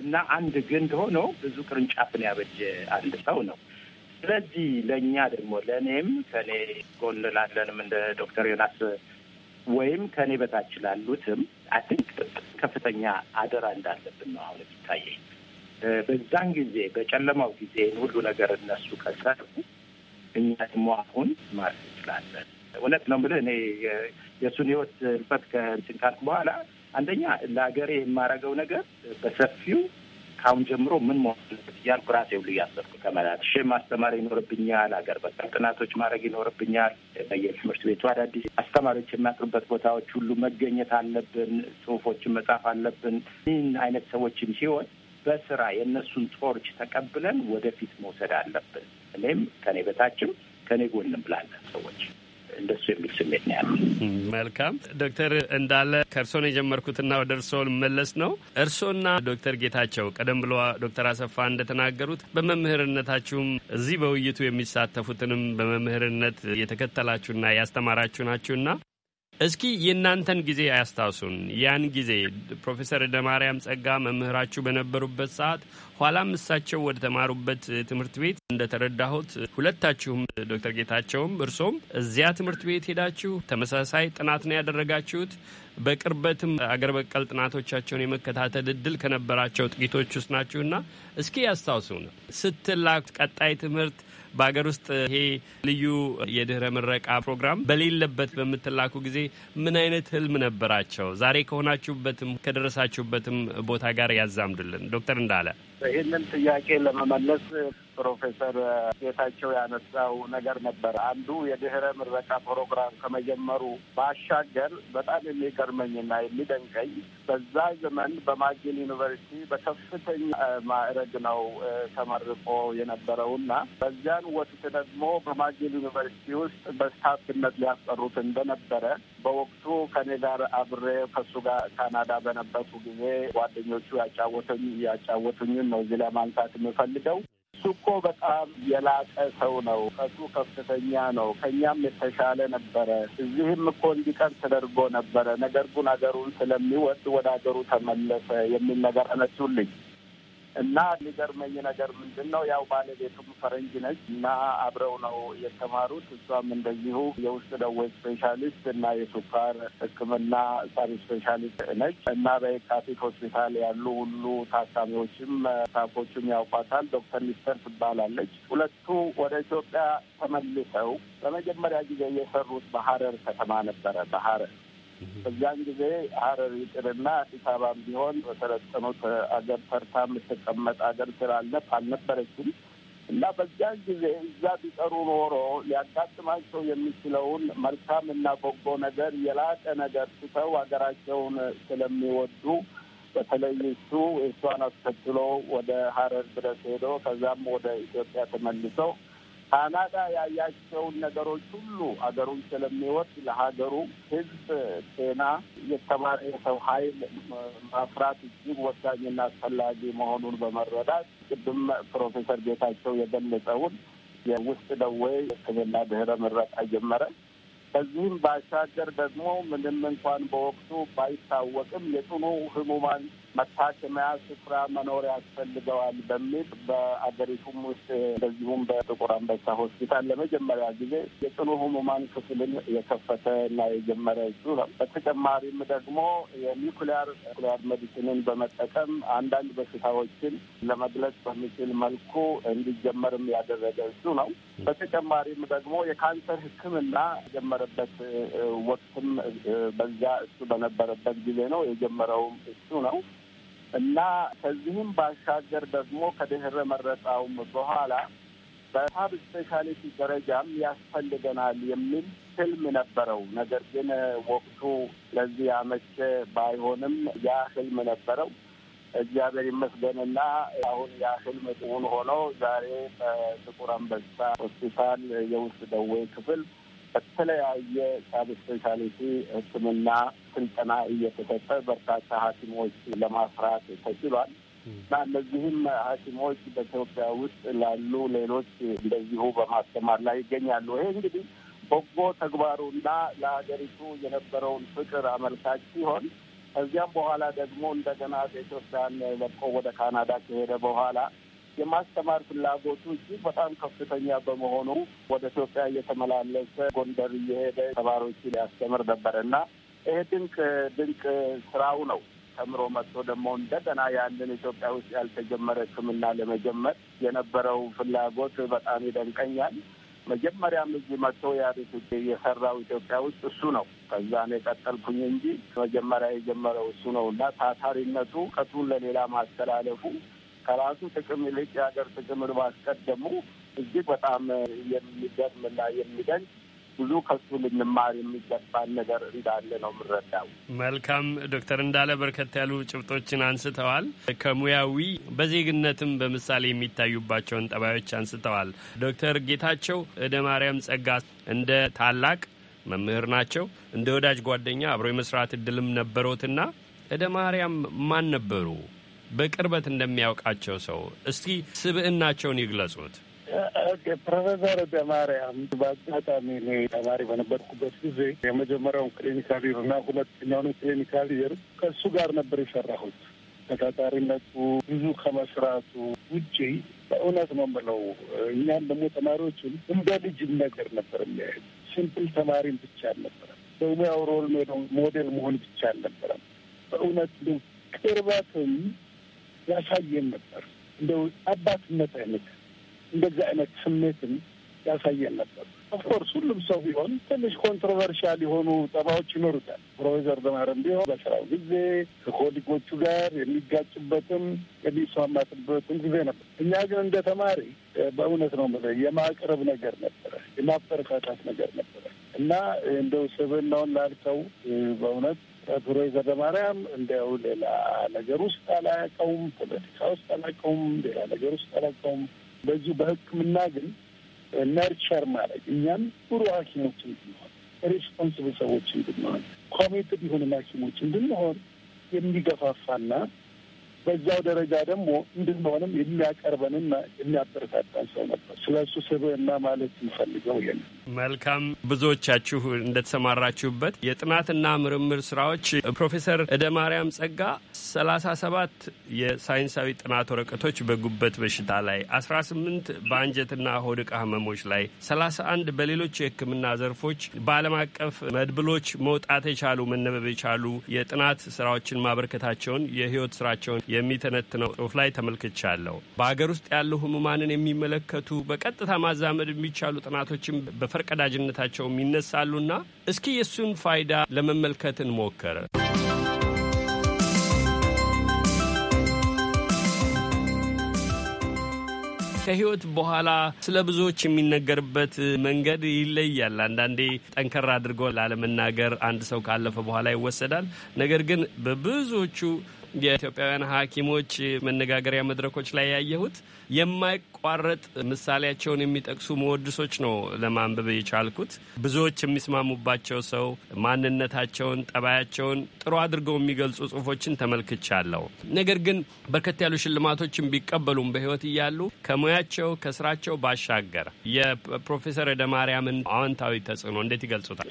እና አንድ ግንድ ሆኖ ብዙ ቅርንጫፍን ያበጀ አንድ ሰው ነው። ስለዚህ ለእኛ ደግሞ ለእኔም ከእኔ ጎን ላለንም እንደ ዶክተር ዮናስ ወይም ከእኔ በታች ላሉትም አይ ቲንክ ከፍተኛ አደራ እንዳለብን ነው አሁን የሚታየኝ። በዛን ጊዜ በጨለማው ጊዜ ሁሉ ነገር እነሱ ከሰሩ፣ እኛ ደግሞ አሁን ማለት እንችላለን። እውነት ነው ብልህ እኔ የእሱን ህይወት ህልፈት ከእንትን ካልኩ በኋላ አንደኛ ለሀገሬ የማደርገው ነገር በሰፊው ካሁን ጀምሮ ምን መሆንበት እያልኩ ራሴ ሁሉ እያሰብኩ ሽ ማስተማር ይኖርብኛል። ሀገር በቀል ጥናቶች ማድረግ ይኖርብኛል። በየትምህርት ቤቱ አዳዲስ አስተማሪዎች የሚያጥሩበት ቦታዎች ሁሉ መገኘት አለብን። ጽሁፎችን መጻፍ አለብን። ይህን አይነት ሰዎችም ሲሆን በስራ የእነሱን ቶርች ተቀብለን ወደፊት መውሰድ አለብን። እኔም ከኔ በታችም ከኔ ጎንም ብላለን ሰዎች ደስ የሚል ስሜት ነው ያለው። መልካም ዶክተር እንዳለ ከእርስዎ የጀመርኩትና ወደ እርስዎ መለስ ነው። እርስዎና ዶክተር ጌታቸው ቀደም ብሎ ዶክተር አሰፋ እንደተናገሩት በመምህርነታችሁም እዚህ በውይይቱ የሚሳተፉትንም በመምህርነት የተከተላችሁና ያስተማራችሁ ናችሁና እስኪ የእናንተን ጊዜ አያስታውሱን። ያን ጊዜ ፕሮፌሰር ደማርያም ጸጋ መምህራችሁ በነበሩበት ሰዓት፣ ኋላም እሳቸው ወደ ተማሩበት ትምህርት ቤት እንደተረዳሁት ሁለታችሁም ዶክተር ጌታቸውም እርሶም እዚያ ትምህርት ቤት ሄዳችሁ ተመሳሳይ ጥናት ነው ያደረጋችሁት። በቅርበትም አገር በቀል ጥናቶቻቸውን የመከታተል እድል ከነበራቸው ጥቂቶች ውስጥ ናችሁና እስኪ ያስታውሱን ስትላክ ቀጣይ ትምህርት በሀገር ውስጥ ይሄ ልዩ የድህረ ምረቃ ፕሮግራም በሌለበት በምትላኩ ጊዜ ምን አይነት ህልም ነበራቸው? ዛሬ ከሆናችሁበትም ከደረሳችሁበትም ቦታ ጋር ያዛምዱልን ዶክተር እንዳለ። ይህንን ጥያቄ ለመመለስ ፕሮፌሰር ጌታቸው ያነሳው ነገር ነበር። አንዱ የድህረ ምረቃ ፕሮግራም ከመጀመሩ ባሻገር በጣም የሚገርመኝና የሚደንቀኝ በዛ ዘመን በማጊል ዩኒቨርሲቲ በከፍተኛ ማዕረግ ነው ተመርቆ የነበረውና በዚያን ወቅት ደግሞ በማጊል ዩኒቨርሲቲ ውስጥ በስታፍነት ሊያስጠሩት እንደነበረ በወቅቱ ከኔ ጋር አብሬ ከሱ ጋር ካናዳ በነበርኩ ጊዜ ጓደኞቹ ያጫወቱኝ ያጫወቱኝን ነው እዚህ ለማንሳት የምፈልገው። እኮ በጣም የላቀ ሰው ነው፣ እውቀቱ ከፍተኛ ነው፣ ከእኛም የተሻለ ነበረ። እዚህም እኮ እንዲቀር ተደርጎ ነበረ። ነገር ግን ሀገሩን ስለሚወድ ወደ ሀገሩ ተመለሰ የሚል ነገር አነሱልኝ። እና የሚገርመኝ ነገር ምንድን ነው ያው ባለቤቱም ፈረንጅ ነች እና አብረው ነው የተማሩት። እሷም እንደዚሁ የውስጥ ደዌ ስፔሻሊስት እና የሱካር ሕክምና ሳቢ ስፔሻሊስት ነች እና በየካቲት ሆስፒታል ያሉ ሁሉ ታካሚዎችም ስታፎቹም ያውቋታል። ዶክተር ሚስተር ትባላለች። ሁለቱ ወደ ኢትዮጵያ ተመልሰው በመጀመሪያ ጊዜ የሰሩት በሀረር ከተማ ነበረ። በሀረር በዛን ጊዜ ሀረር ይቅርና አዲስ አበባም ቢሆን በሰለጠኑት አገር ፈርታ የምትቀመጥ አገር ስላልነፍ አልነበረችም እና በዚያን ጊዜ እዛ ቢቀሩ ኖሮ ሊያጋጥማቸው የሚችለውን መልካም እና በጎ ነገር የላቀ ነገር ትተው ሀገራቸውን ስለሚወዱ በተለይ እሱ እሷን አስከትሎ ወደ ሀረር ድረስ ሄዶ ከዛም ወደ ኢትዮጵያ ተመልሰው ካናዳ ያያቸውን ነገሮች ሁሉ አገሩን ስለሚወድ ለሀገሩ ሕዝብ ጤና የተማረ የሰው ኃይል ማፍራት እጅግ ወሳኝና አስፈላጊ መሆኑን በመረዳት ቅድም ፕሮፌሰር ጌታቸው የገለጸውን የውስጥ ደዌ ሕክምና ድህረ ምረቃ ጀመረ። ከዚህም ባሻገር ደግሞ ምንም እንኳን በወቅቱ ባይታወቅም የጽኑ ህሙማን መታከሚያ ስፍራ መኖር ያስፈልገዋል በሚል በአገሪቱም ውስጥ እንደዚሁም በጥቁር አንበሳ ሆስፒታል ለመጀመሪያ ጊዜ የጽኑ ህሙማን ክፍልን የከፈተ እና የጀመረ እሱ ነው። በተጨማሪም ደግሞ የኒኩሊያር ኒኩሊያር ሜዲሲንን በመጠቀም አንዳንድ በሽታዎችን ለመግለጽ በሚችል መልኩ እንዲጀመርም ያደረገ እሱ ነው። በተጨማሪም ደግሞ የካንሰር ሕክምና የጀመረበት ወቅትም በዛ እሱ በነበረበት ጊዜ ነው። የጀመረውም እሱ ነው። እና ከዚህም ባሻገር ደግሞ ከድህረ መረጣውም በኋላ በሀብ ስፔሻሊቲ ደረጃም ያስፈልገናል የሚል ህልም ነበረው። ነገር ግን ወቅቱ ለዚህ አመቼ ባይሆንም ያ ህልም ነበረው። እግዚአብሔር ይመስገንና አሁን ያ ህልም እውን ሆኖ ዛሬ በጥቁር አንበሳ ሆስፒታል የውስጥ ደዌ ክፍል በተለያየ ሳብ ስፔሻሊቲ ሕክምና ስልጠና እየተሰጠ በርካታ ሐኪሞች ለማፍራት ተችሏል እና እነዚህም ሐኪሞች በኢትዮጵያ ውስጥ ላሉ ሌሎች እንደዚሁ በማስተማር ላይ ይገኛሉ። ይሄ እንግዲህ በጎ ተግባሩና ለሀገሪቱ የነበረውን ፍቅር አመልካች ሲሆን ከዚያም በኋላ ደግሞ እንደገና በኢትዮጵያን ለቆ ወደ ካናዳ ከሄደ በኋላ የማስተማር ፍላጎቱ እጅግ በጣም ከፍተኛ በመሆኑ ወደ ኢትዮጵያ እየተመላለሰ ጎንደር እየሄደ ተማሪዎችን ሊያስተምር ነበር እና ይሄ ድንቅ ድንቅ ስራው ነው። ተምሮ መጥቶ ደግሞ እንደገና ያንን ኢትዮጵያ ውስጥ ያልተጀመረ ሕክምና ለመጀመር የነበረው ፍላጎት በጣም ይደንቀኛል። መጀመሪያም እዚህ መጥቶ ያሉት የሰራው ኢትዮጵያ ውስጥ እሱ ነው። ከዛ ነው የቀጠልኩኝ እንጂ መጀመሪያ የጀመረው እሱ ነው እና ታታሪነቱ እውቀቱን ለሌላ ማስተላለፉ ከራሱ ጥቅም ይልቅ የሀገር ጥቅምን ማስቀደሙ እጅግ በጣም የሚገርምና የሚደንቅ ብዙ ከሱ ልንማር የሚገባን ነገር እንዳለ ነው የምረዳው። መልካም ዶክተር እንዳለ በርከት ያሉ ጭብጦችን አንስተዋል። ከሙያዊ በዜግነትም በምሳሌ የሚታዩባቸውን ጠባዮች አንስተዋል። ዶክተር ጌታቸው እደ ማርያም ጸጋ እንደ ታላቅ መምህር ናቸው። እንደ ወዳጅ ጓደኛ አብሮ የመስራት እድልም ነበሮትና እደ ማርያም ማን ነበሩ? በቅርበት እንደሚያውቃቸው ሰው እስቲ ስብዕናቸውን ይግለጹት። ፕሮፌሰር ደማርያም በአጋጣሚ እኔ ተማሪ በነበርኩበት ጊዜ የመጀመሪያውን ክሊኒካል እና ሁለተኛውን ክሊኒካል ይር ከእሱ ጋር ነበር የሰራሁት። ተታታሪነቱ ብዙ ከመስራቱ ውጪ በእውነት ነው የምለው፣ እኛም ደግሞ ተማሪዎችን እንደ ልጅ ነገር ነበር የሚያዩ ሲምፕል ተማሪን ብቻ አልነበረም። በሙያው ሮል ሞዴል መሆን ብቻ አልነበረም። በእውነት ቅርበትም ያሳየን ነበር። እንደ አባትነት አይነት እንደዚህ አይነት ስሜትን ያሳየን ነበር። ኦፍኮርስ ሁሉም ሰው ቢሆን ትንሽ ኮንትሮቨርሻል የሆኑ ጠባዎች ይኖሩታል። ፕሮፌሰር ደማረም ቢሆን በስራው ጊዜ ከኮሊጎቹ ጋር የሚጋጭበትም የሚስማማትበትም ጊዜ ነበር። እኛ ግን እንደ ተማሪ በእውነት ነው የምልህ የማቅረብ ነገር ነበረ፣ የማበረታታት ነገር ነበረ እና እንደው ስብናውን ላልከው በእውነት ፕሮፌሰር ዘበማርያም እንዲያው ሌላ ነገር ውስጥ አላያውቀውም። ፖለቲካ ውስጥ አላውቀውም። ሌላ ነገር ውስጥ አላውቀውም። በዚሁ በሕክምና ግን ነርቸር ማለት እኛም ጥሩ ሐኪሞች እንድንሆን ሪስፖንስብል ሰዎች እንድንሆን ኮሚትድ የሆንን ሐኪሞች እንድንሆን የሚገፋፋና በዛው ደረጃ ደግሞ እንድንሆንም የሚያቀርበንና የሚያበረታታን ሰው ነበር። ስለ እሱ ስብዕና ማለት እንፈልገው የለም መልካም። ብዙዎቻችሁ እንደተሰማራችሁበት የጥናትና ምርምር ስራዎች ፕሮፌሰር እደ ማርያም ጸጋ ሰላሳ ሰባት የሳይንሳዊ ጥናት ወረቀቶች በጉበት በሽታ ላይ፣ 18 በአንጀትና ሆድ ዕቃ ህመሞች ላይ፣ 31 በሌሎች የህክምና ዘርፎች በአለም አቀፍ መድብሎች መውጣት የቻሉ መነበብ የቻሉ የጥናት ስራዎችን ማበርከታቸውን የህይወት ስራቸውን የሚተነትነው ጽሁፍ ላይ ተመልክቻለሁ። በሀገር ውስጥ ያለው ህሙማንን የሚመለከቱ በቀጥታ ማዛመድ የሚቻሉ ጥናቶችን ፈርቀዳጅነታቸውም ይነሳሉና እስኪ የእሱን ፋይዳ ለመመልከት እንሞከረ ከህይወት በኋላ ስለ ብዙዎች የሚነገርበት መንገድ ይለያል። አንዳንዴ ጠንከር አድርጎ ላለመናገር አንድ ሰው ካለፈ በኋላ ይወሰዳል። ነገር ግን በብዙዎቹ የኢትዮጵያውያን ሐኪሞች መነጋገሪያ መድረኮች ላይ ያየሁት የማይቋረጥ ምሳሌያቸውን የሚጠቅሱ መወድሶች ነው ለማንበብ የቻልኩት። ብዙዎች የሚስማሙባቸው ሰው ማንነታቸውን፣ ጠባያቸውን ጥሩ አድርገው የሚገልጹ ጽሁፎችን ተመልክቻለሁ። ነገር ግን በርከት ያሉ ሽልማቶችን ቢቀበሉም በህይወት እያሉ ከሙያቸው ከስራቸው ባሻገር የፕሮፌሰር ደማርያምን አዎንታዊ ተጽዕኖ እንዴት ይገልጹታል?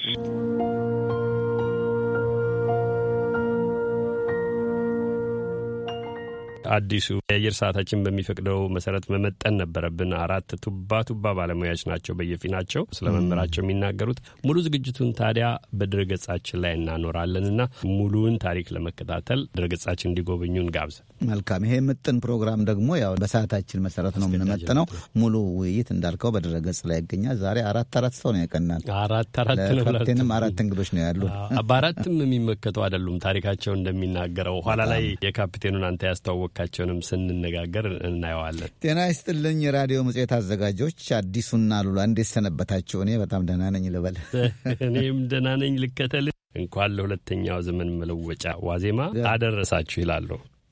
አዲሱ የአየር ሰዓታችን በሚፈቅደው መሰረት መመጠን ነበረብን። አራት ቱባ ቱባ ባለሙያዎች ናቸው በየፊናቸው ስለ መምህራቸው የሚናገሩት። ሙሉ ዝግጅቱን ታዲያ በድረገጻችን ላይ እናኖራለን እና ሙሉውን ታሪክ ለመከታተል ድረገጻችን እንዲጎበኙ እንጋብዝ። መልካም። ይሄ ምጥን ፕሮግራም ደግሞ ያው በሰዓታችን መሰረት ነው የምንመጥነው። ሙሉ ውይይት እንዳልከው በድረገጽ ላይ ይገኛል። ዛሬ አራት አራት ሰው ነው የቀናል። አራት አራት ነው አራት እንግዶች ነው ያሉ። በአራትም የሚመከተው አይደሉም ታሪካቸው እንደሚናገረው ኋላ ላይ የካፒቴኑን አንተ ያስተዋወቅ ታሪኮቻቸውንም ስንነጋገር እናየዋለን። ጤና ይስጥልኝ። የራዲዮ መጽሔት አዘጋጆች አዲሱና ሉላ እንዴት ሰነበታቸው እኔ በጣም ደህና ነኝ ልበል። እኔም ደህና ነኝ ልከተል። እንኳን ለሁለተኛው ዘመን መለወጫ ዋዜማ አደረሳችሁ ይላሉ።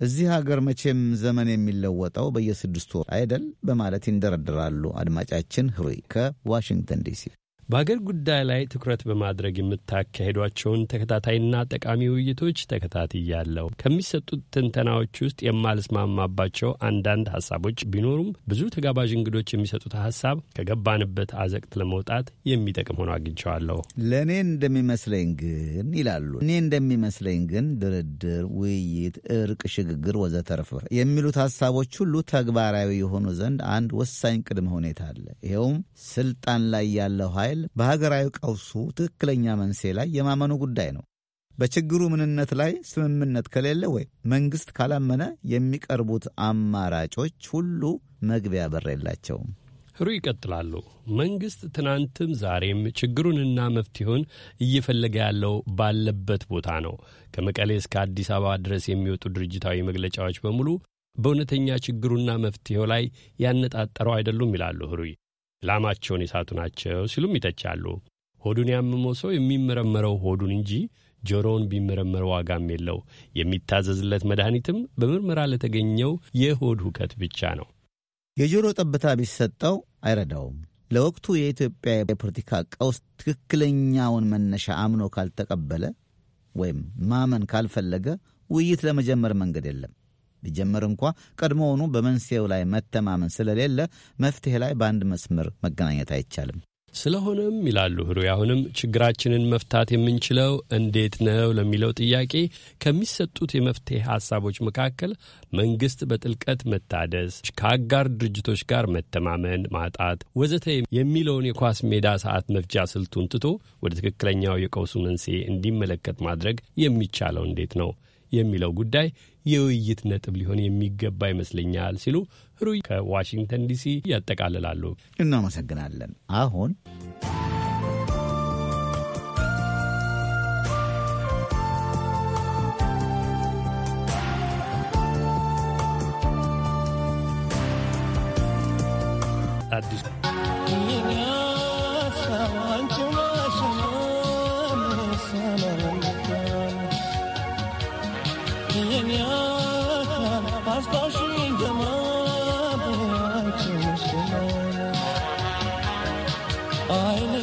እዚህ ሀገር መቼም ዘመን የሚለወጠው በየስድስቱ አይደል? በማለት ይንደረድራሉ አድማጫችን ህሩይ ከዋሽንግተን ዲሲ በአገር ጉዳይ ላይ ትኩረት በማድረግ የምታካሄዷቸውን ተከታታይና ጠቃሚ ውይይቶች ተከታትያለሁ። ከሚሰጡት ትንተናዎች ውስጥ የማልስማማባቸው አንዳንድ ሀሳቦች ቢኖሩም ብዙ ተጋባዥ እንግዶች የሚሰጡት ሀሳብ ከገባንበት አዘቅት ለመውጣት የሚጠቅም ሆኖ አግኝቸዋለሁ። ለእኔ እንደሚመስለኝ ግን ይላሉ እኔ እንደሚመስለኝ ግን ድርድር፣ ውይይት፣ እርቅ፣ ሽግግር ወዘተርፈ የሚሉት ሀሳቦች ሁሉ ተግባራዊ የሆኑ ዘንድ አንድ ወሳኝ ቅድመ ሁኔታ አለ። ይኸውም ስልጣን ላይ ያለው ኃይል በሀገራዊ ቀውሱ ትክክለኛ መንስኤ ላይ የማመኑ ጉዳይ ነው። በችግሩ ምንነት ላይ ስምምነት ከሌለ ወይም መንግሥት ካላመነ የሚቀርቡት አማራጮች ሁሉ መግቢያ በር የላቸውም። ህሩ ይቀጥላሉ። መንግሥት ትናንትም ዛሬም ችግሩንና መፍትሄውን እየፈለገ ያለው ባለበት ቦታ ነው። ከመቀሌ እስከ አዲስ አበባ ድረስ የሚወጡ ድርጅታዊ መግለጫዎች በሙሉ በእውነተኛ ችግሩና መፍትሄው ላይ ያነጣጠረው አይደሉም ይላሉ ህሩይ። ላማቸውን የሳቱ ናቸው ሲሉም ይተቻሉ። ሆዱን ያመመው ሰው የሚመረመረው ሆዱን እንጂ ጆሮውን ቢመረመር ዋጋም የለው። የሚታዘዝለት መድኃኒትም በምርመራ ለተገኘው የሆድ ሁከት ብቻ ነው። የጆሮ ጠብታ ቢሰጠው አይረዳውም። ለወቅቱ የኢትዮጵያ የፖለቲካ ቀውስ ትክክለኛውን መነሻ አምኖ ካልተቀበለ ወይም ማመን ካልፈለገ ውይይት ለመጀመር መንገድ የለም። ቢጀመር እንኳ ቀድሞውኑ በመንስኤው ላይ መተማመን ስለሌለ መፍትሄ ላይ በአንድ መስመር መገናኘት አይቻልም። ስለሆነም ይላሉ ህሩ አሁንም ችግራችንን መፍታት የምንችለው እንዴት ነው ለሚለው ጥያቄ ከሚሰጡት የመፍትሄ ሀሳቦች መካከል መንግስት በጥልቀት መታደስ፣ ከአጋር ድርጅቶች ጋር መተማመን ማጣት ወዘተ የሚለውን የኳስ ሜዳ ሰዓት መፍጃ ስልቱን ትቶ ወደ ትክክለኛው የቀውሱ መንስኤ እንዲመለከት ማድረግ የሚቻለው እንዴት ነው? የሚለው ጉዳይ የውይይት ነጥብ ሊሆን የሚገባ ይመስለኛል ሲሉ ህሩ ከዋሽንግተን ዲሲ ያጠቃልላሉ። እናመሰግናለን። አሁን አዲሱ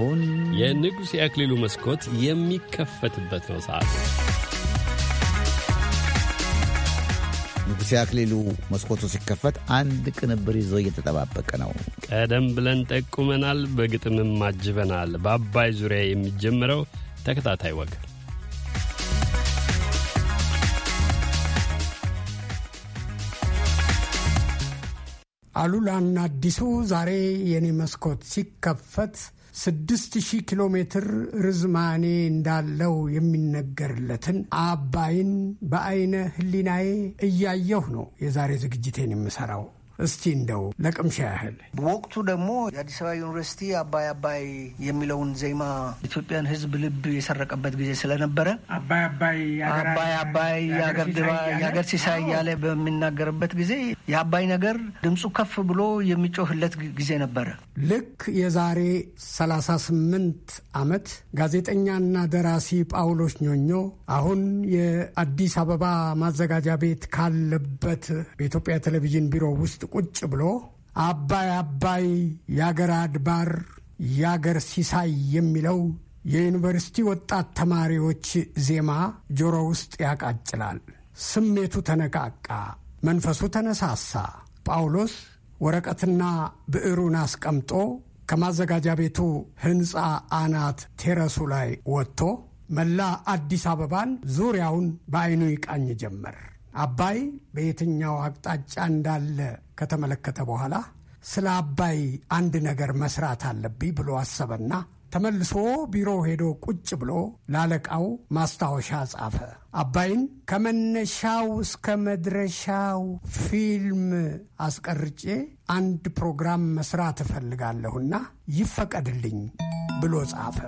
ይሆን? የንጉሥ የአክሊሉ መስኮት የሚከፈትበት ነው ሰዓት። ንጉሴ አክሊሉ መስኮቱ ሲከፈት አንድ ቅንብር ይዞ እየተጠባበቀ ነው። ቀደም ብለን ጠቁመናል፣ በግጥምም አጅበናል። በአባይ ዙሪያ የሚጀምረው ተከታታይ ወግ አሉላና አዲሱ ዛሬ የኔ መስኮት ሲከፈት ስድስት ሺህ ኪሎ ሜትር ርዝማኔ እንዳለው የሚነገርለትን አባይን በአይነ ህሊናዬ እያየሁ ነው የዛሬ ዝግጅቴን የምሰራው። እስቲ እንደው ለቅምሻ ያህል ወቅቱ ደግሞ የአዲስ አበባ ዩኒቨርሲቲ አባይ አባይ የሚለውን ዜማ ኢትዮጵያን ሕዝብ ልብ የሰረቀበት ጊዜ ስለነበረ አባይ አባይ አባይ የሀገር ሲሳይ እያለ በሚናገርበት ጊዜ የአባይ ነገር ድምፁ ከፍ ብሎ የሚጮህለት ጊዜ ነበረ። ልክ የዛሬ 38 ዓመት ጋዜጠኛና ደራሲ ጳውሎስ ኞኞ አሁን የአዲስ አበባ ማዘጋጃ ቤት ካለበት በኢትዮጵያ ቴሌቪዥን ቢሮ ውስጥ ቁጭ ብሎ አባይ አባይ የአገር አድባር የአገር ሲሳይ የሚለው የዩኒቨርሲቲ ወጣት ተማሪዎች ዜማ ጆሮ ውስጥ ያቃጭላል። ስሜቱ ተነቃቃ፣ መንፈሱ ተነሳሳ። ጳውሎስ ወረቀትና ብዕሩን አስቀምጦ ከማዘጋጃ ቤቱ ሕንፃ አናት ቴረሱ ላይ ወጥቶ መላ አዲስ አበባን ዙሪያውን በዐይኑ ይቃኝ ጀመር። አባይ በየትኛው አቅጣጫ እንዳለ ከተመለከተ በኋላ ስለ አባይ አንድ ነገር መስራት አለብኝ ብሎ አሰበና ተመልሶ ቢሮ ሄዶ ቁጭ ብሎ ላለቃው ማስታወሻ ጻፈ። አባይን ከመነሻው እስከ መድረሻው ፊልም አስቀርጬ አንድ ፕሮግራም መስራት እፈልጋለሁና ይፈቀድልኝ ብሎ ጻፈ።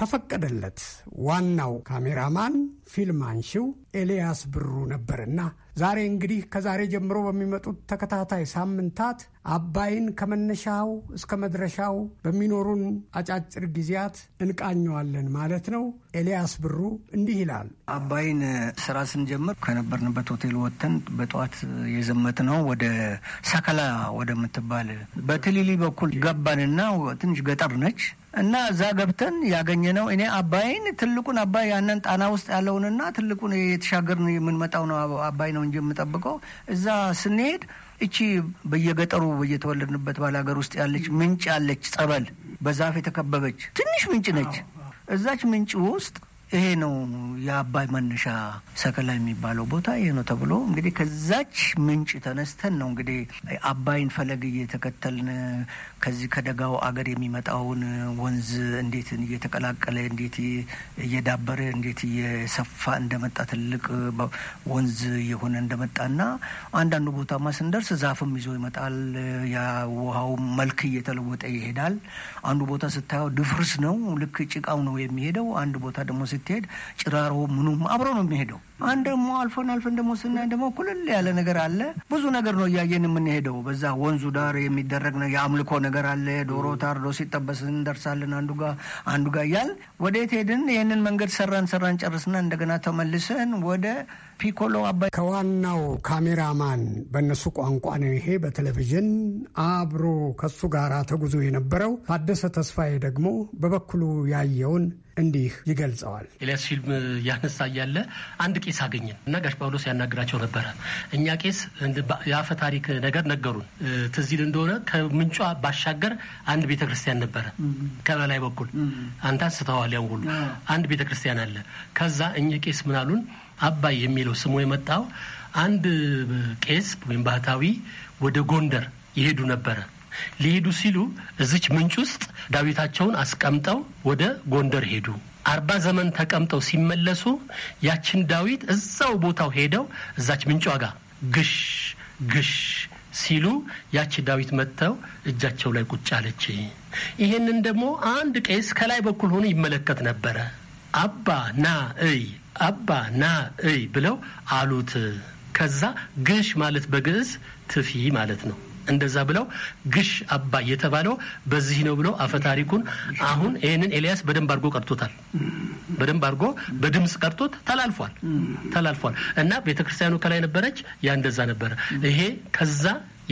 ተፈቀደለት። ዋናው ካሜራማን ፊልም አንሺው ኤልያስ ብሩ ነበርና ዛሬ እንግዲህ ከዛሬ ጀምሮ በሚመጡት ተከታታይ ሳምንታት አባይን ከመነሻው እስከ መድረሻው በሚኖሩን አጫጭር ጊዜያት እንቃኘዋለን ማለት ነው። ኤልያስ ብሩ እንዲህ ይላል። አባይን ስራ ስንጀምር ከነበርንበት ሆቴል ወጥተን በጠዋት የዘመት ነው ወደ ሰከላ ወደምትባል በትሊሊ በኩል ገባንና ትንሽ ገጠር ነች እና እዛ ገብተን ያገኘ ነው እኔ አባይን ትልቁን አባይ ያንን ጣና ውስጥ ያለው ያለውንና ትልቁን የተሻገርን የምንመጣው ነው አባይ ነው እንጂ የምጠብቀው እዛ ስንሄድ እቺ በየገጠሩ በየተወለድንበት ሀገር ውስጥ ያለች ምንጭ ያለች ጸበል በዛፍ የተከበበች ትንሽ ምንጭ ነች። እዛች ምንጭ ውስጥ ይሄ ነው የአባይ መነሻ ሰከላ የሚባለው ቦታ ይሄ ነው ተብሎ እንግዲህ ከዛች ምንጭ ተነስተን ነው እንግዲህ አባይን ፈለግ እየተከተልን ከዚህ ከደጋው አገር የሚመጣውን ወንዝ እንዴት እየተቀላቀለ እንዴት እየዳበረ እንዴት እየሰፋ እንደመጣ ትልቅ ወንዝ እየሆነ እንደመጣና አንዳንዱ ቦታማ ስንደርስ ዛፍም ይዞ ይመጣል። ያ መልክ እየተለወጠ ይሄዳል። አንዱ ቦታ ስታየው ድፍርስ ነው፣ ልክ ጭቃው ነው የሚሄደው። አንድ ቦታ ደግሞ ስትሄድ ጭራሮ ምኑም አብሮ ነው የሚሄደው። አንድ ደግሞ አልፎን አልፈን ደግሞ ስናይ ደግሞ ኩልል ያለ ነገር አለ። ብዙ ነገር ነው እያየን የምንሄደው። በዛ ወንዙ ዳር የሚደረግ ነው የአምልኮ ነገር አለ። ዶሮ ታርዶ ሲጠበስ እንደርሳለን። አንዱ ጋ አንዱ ጋ እያል ወደየት ሄድን? ይህንን መንገድ ሰራን ሰራን ጨርስና እንደገና ተመልሰን ወደ ፒኮሎ አባይ ከዋናው ካሜራማን በእነሱ ቋንቋ ነው ይሄ በቴሌቪዥን አብሮ ከሱ ጋር ተጉዞ የነበረው ታደሰ ተስፋዬ ደግሞ በበኩሉ ያየውን እንዲህ ይገልጸዋል። ኤልያስ ፊልም ያነሳ እያለ አንድ ቄስ አገኘን እና ጋሽ ጳውሎስ ያናግራቸው ነበረ። እኛ ቄስ የአፈ ታሪክ ነገር ነገሩን ትዚል እንደሆነ ከምንጯ ባሻገር አንድ ቤተ ክርስቲያን ነበረ። ከበላይ በኩል አንተ አንስተዋል። ያን ሁሉ አንድ ቤተ ክርስቲያን አለ። ከዛ እኚህ ቄስ ምናሉን አባይ የሚለው ስሙ የመጣው አንድ ቄስ ወይም ባህታዊ ወደ ጎንደር ይሄዱ ነበረ ሊሄዱ ሲሉ እዚች ምንጭ ውስጥ ዳዊታቸውን አስቀምጠው ወደ ጎንደር ሄዱ። አርባ ዘመን ተቀምጠው ሲመለሱ ያችን ዳዊት እዛው ቦታው ሄደው እዛች ምንጭ ዋጋ ግሽ ግሽ ሲሉ ያቺ ዳዊት መጥተው እጃቸው ላይ ቁጭ አለች። ይህንን ደግሞ አንድ ቄስ ከላይ በኩል ሆኖ ይመለከት ነበረ። አባ ና እይ፣ አባ ና እይ ብለው አሉት። ከዛ ግሽ ማለት በግዕዝ ትፊ ማለት ነው። እንደዛ ብለው ግሽ አባይ የተባለው በዚህ ነው ብለው አፈታሪኩን አሁን ይህንን ኤልያስ በደንብ አድርጎ ቀርቶታል። በደንብ አድርጎ በድምፅ ቀርቶት ተላልፏል ተላልፏል እና ቤተክርስቲያኑ ከላይ ነበረች። ያ እንደዛ ነበረ። ይሄ ከዛ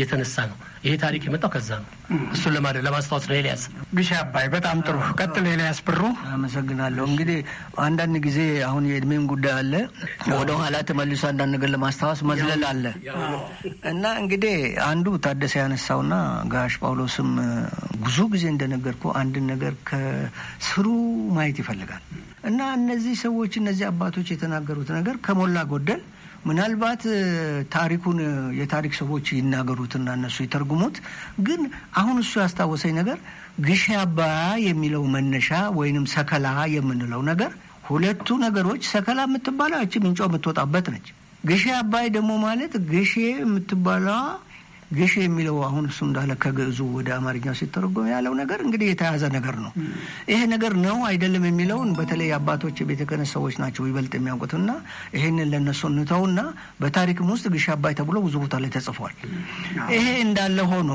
የተነሳ ነው ይሄ ታሪክ የመጣው ከዛ ነው። እሱን ለማስታወስ ነው። ኤልያስ ግሻ አባይ፣ በጣም ጥሩ ቀጥል። ኤልያስ ብሩ፣ አመሰግናለሁ። እንግዲህ አንዳንድ ጊዜ አሁን የእድሜም ጉዳይ አለ፣ ወደ ኋላ ተመልሶ አንዳንድ ነገር ለማስታወስ መዝለል አለ እና እንግዲህ አንዱ ታደሰ ያነሳውና ጋሽ ጳውሎስም ብዙ ጊዜ እንደነገርኩ አንድን ነገር ከስሩ ማየት ይፈልጋል እና እነዚህ ሰዎች እነዚህ አባቶች የተናገሩት ነገር ከሞላ ጎደል ምናልባት ታሪኩን የታሪክ ሰዎች ይናገሩትና እነሱ ይተርጉሙት። ግን አሁን እሱ ያስታወሰኝ ነገር ግሼ አባ የሚለው መነሻ ወይንም ሰከላ የምንለው ነገር ሁለቱ ነገሮች ሰከላ የምትባለው ያቺ ምንጮ የምትወጣበት ነች። ግሼ አባይ ደግሞ ማለት ግሼ የምትባለዋ ግሽ የሚለው አሁን እሱ እንዳለ ከግዕዙ ወደ አማርኛው ሲተረጎም ያለው ነገር እንግዲህ የተያዘ ነገር ነው። ይሄ ነገር ነው አይደለም የሚለውን በተለይ አባቶች የቤተ ክህነት ሰዎች ናቸው ይበልጥ የሚያውቁትና ይሄንን ለነሱ እንተውና በታሪክም ውስጥ ግሽ አባይ ተብሎ ብዙ ቦታ ላይ ተጽፏል። ይሄ እንዳለ ሆኖ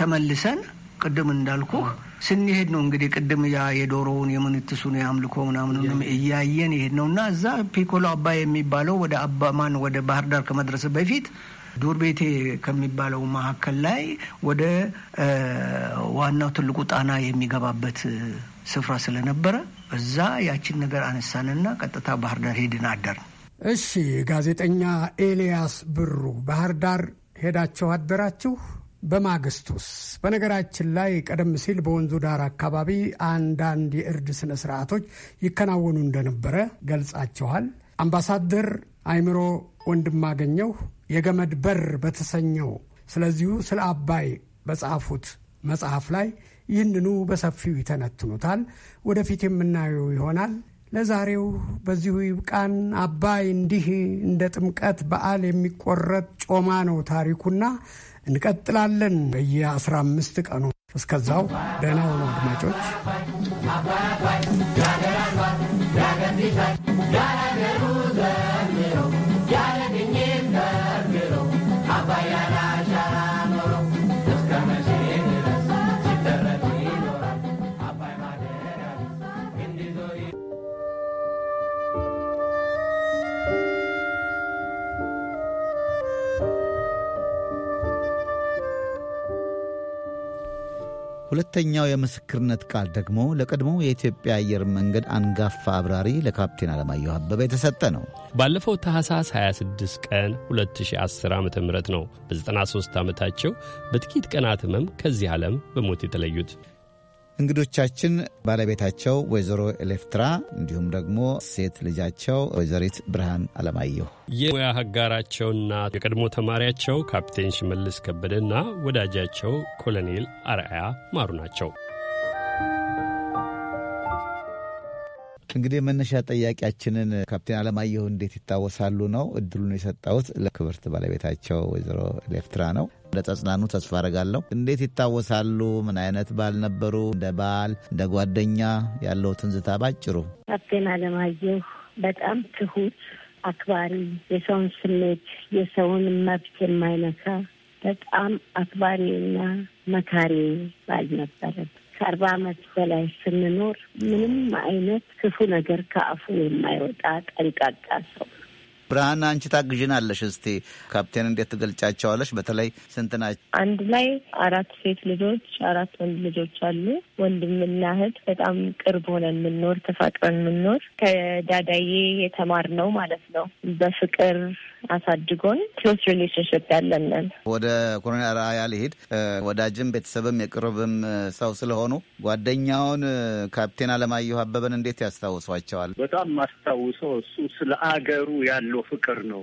ተመልሰን ቅድም እንዳልኩህ ስንሄድ ነው እንግዲህ ቅድም ያ የዶሮውን የምንትሱን የአምልኮ ምናምኑንም እያየን ይሄድ ነው እና እዛ ፒኮሎ አባይ የሚባለው ወደ አባማን ወደ ባህር ዳር ከመድረስ በፊት ዱር ቤቴ ከሚባለው መካከል ላይ ወደ ዋናው ትልቁ ጣና የሚገባበት ስፍራ ስለነበረ እዛ ያችን ነገር አነሳንና ቀጥታ ባህር ዳር ሄድን አደርን። እሺ፣ ጋዜጠኛ ኤልያስ ብሩ ባህር ዳር ሄዳችሁ አደራችሁ? በማግስቱስ? በነገራችን ላይ ቀደም ሲል በወንዙ ዳር አካባቢ አንዳንድ የእርድ ስነ ስርዓቶች ይከናወኑ እንደነበረ ገልጻችኋል። አምባሳደር አይምሮ ወንድማገኘሁ የገመድ በር በተሰኘው ስለዚሁ ስለ አባይ በጻፉት መጽሐፍ ላይ ይህንኑ በሰፊው ይተነትኑታል። ወደፊት የምናየው ይሆናል። ለዛሬው በዚሁ ይብቃን። አባይ እንዲህ እንደ ጥምቀት በዓል የሚቆረጥ ጮማ ነው ታሪኩና እንቀጥላለን በየአስራ አምስት ቀኑ። እስከዛው ደህና ሆኑ አድማጮች። ሁለተኛው የምስክርነት ቃል ደግሞ ለቀድሞ የኢትዮጵያ አየር መንገድ አንጋፋ አብራሪ ለካፕቴን አለማየሁ አበበ የተሰጠ ነው። ባለፈው ታህሳስ 26 ቀን 2010 ዓ ም ነው በ93 ዓመታቸው በጥቂት ቀናት ህመም ከዚህ ዓለም በሞት የተለዩት። እንግዶቻችን ባለቤታቸው ወይዘሮ ኤሌፍትራ እንዲሁም ደግሞ ሴት ልጃቸው ወይዘሪት ብርሃን አለማየሁ የሙያ ሀጋራቸውና የቀድሞ ተማሪያቸው ካፕቴን ሽመልስ ከበደና ወዳጃቸው ኮሎኔል አርአያ ማሩ ናቸው። እንግዲህ መነሻ ጠያቂያችንን ካፕቴን አለማየሁ እንዴት ይታወሳሉ ነው። እድሉን የሰጠሁት ለክብርት ባለቤታቸው ወይዘሮ ኤሌክትራ ነው። ተጽናኑ ተስፋ አረጋለሁ። እንዴት ይታወሳሉ? ምን አይነት ባል ነበሩ? እንደ ባል እንደ ጓደኛ ያለው ትንዝታ ባጭሩ። ካፕቴን አለማየሁ በጣም ትሁት፣ አክባሪ፣ የሰውን ስሜት የሰውን መብት የማይነካ በጣም አክባሪና መካሪ ባል ነበረ። ከአርባ ዓመት በላይ ስንኖር ምንም አይነት ክፉ ነገር ከአፉ የማይወጣ ጠንቃቃ ሰው ብርሃን፣ አንቺ ታግዥናለሽ። እስቲ ካፕቴን እንዴት ትገልጫቸዋለሽ? በተለይ ስንት ናቸው? አንድ ላይ አራት ሴት ልጆች፣ አራት ወንድ ልጆች አሉ። ወንድምና እህት በጣም ቅርብ ሆነን የምንኖር ተፋቅረን የምንኖር ከዳዳዬ የተማርነው ማለት ነው። በፍቅር አሳድጎን ክሎስ ሪሌሽንሽፕ ያለንን ወደ ኮሎኔል ራያ ሊሄድ ወዳጅም ቤተሰብም የቅርብም ሰው ስለሆኑ ጓደኛውን ካፕቴን አለማየሁ አበበን እንዴት ያስታውሷቸዋል? በጣም ማስታውሰው እሱ ስለ አገሩ ያለው ያለው ፍቅር ነው።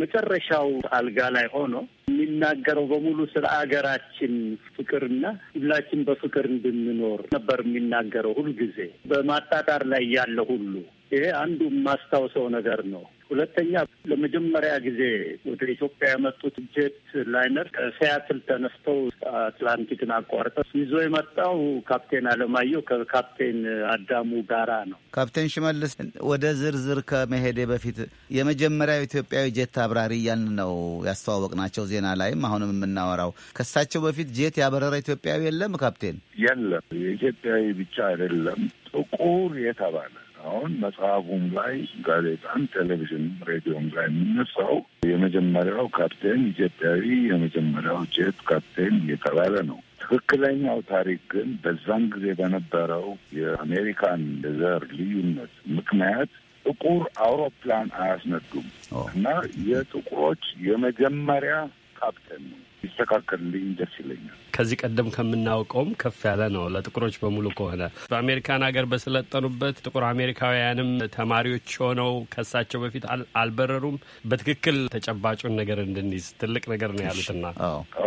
መጨረሻው አልጋ ላይ ሆኖ የሚናገረው በሙሉ ስለ አገራችን ፍቅርና ሁላችን በፍቅር እንድንኖር ነበር የሚናገረው። ሁልጊዜ በማጣጣር ላይ ያለ ሁሉ ይሄ አንዱ የማስታውሰው ነገር ነው። ሁለተኛ ለመጀመሪያ ጊዜ ወደ ኢትዮጵያ የመጡት ጄት ላይነር ከሲያትል ተነስተው አትላንቲክን አቋርጠው ይዞ የመጣው ካፕቴን አለማየሁ ከካፕቴን አዳሙ ጋራ ነው። ካፕቴን ሽመልስ፣ ወደ ዝርዝር ከመሄዴ በፊት የመጀመሪያው ኢትዮጵያዊ ጄት አብራሪ እያልን ነው ያስተዋወቅናቸው ዜና ላይም አሁንም የምናወራው ከሳቸው በፊት ጄት ያበረረ ኢትዮጵያዊ የለም። ካፕቴን የለም። የኢትዮጵያዊ ብቻ አይደለም ጥቁር የተባለ አሁን መጽሐፉም ላይ ጋዜጣም፣ ቴሌቪዥን፣ ሬዲዮም ላይ የሚነሳው የመጀመሪያው ካፕቴን ኢትዮጵያዊ የመጀመሪያው ጄት ካፕቴን እየተባለ ነው። ትክክለኛው ታሪክ ግን በዛን ጊዜ በነበረው የአሜሪካን የዘር ልዩነት ምክንያት ጥቁር አውሮፕላን አያስነዱም እና የጥቁሮች የመጀመሪያ ካፕቴን ነው። ይስተካከልልኝ ደስ ይለኛል። ከዚህ ቀደም ከምናውቀውም ከፍ ያለ ነው ለጥቁሮች በሙሉ ከሆነ በአሜሪካን ሀገር በሰለጠኑበት ጥቁር አሜሪካውያንም ተማሪዎች ሆነው ከሳቸው በፊት አልበረሩም። በትክክል ተጨባጩን ነገር እንድንይዝ ትልቅ ነገር ነው ያሉትና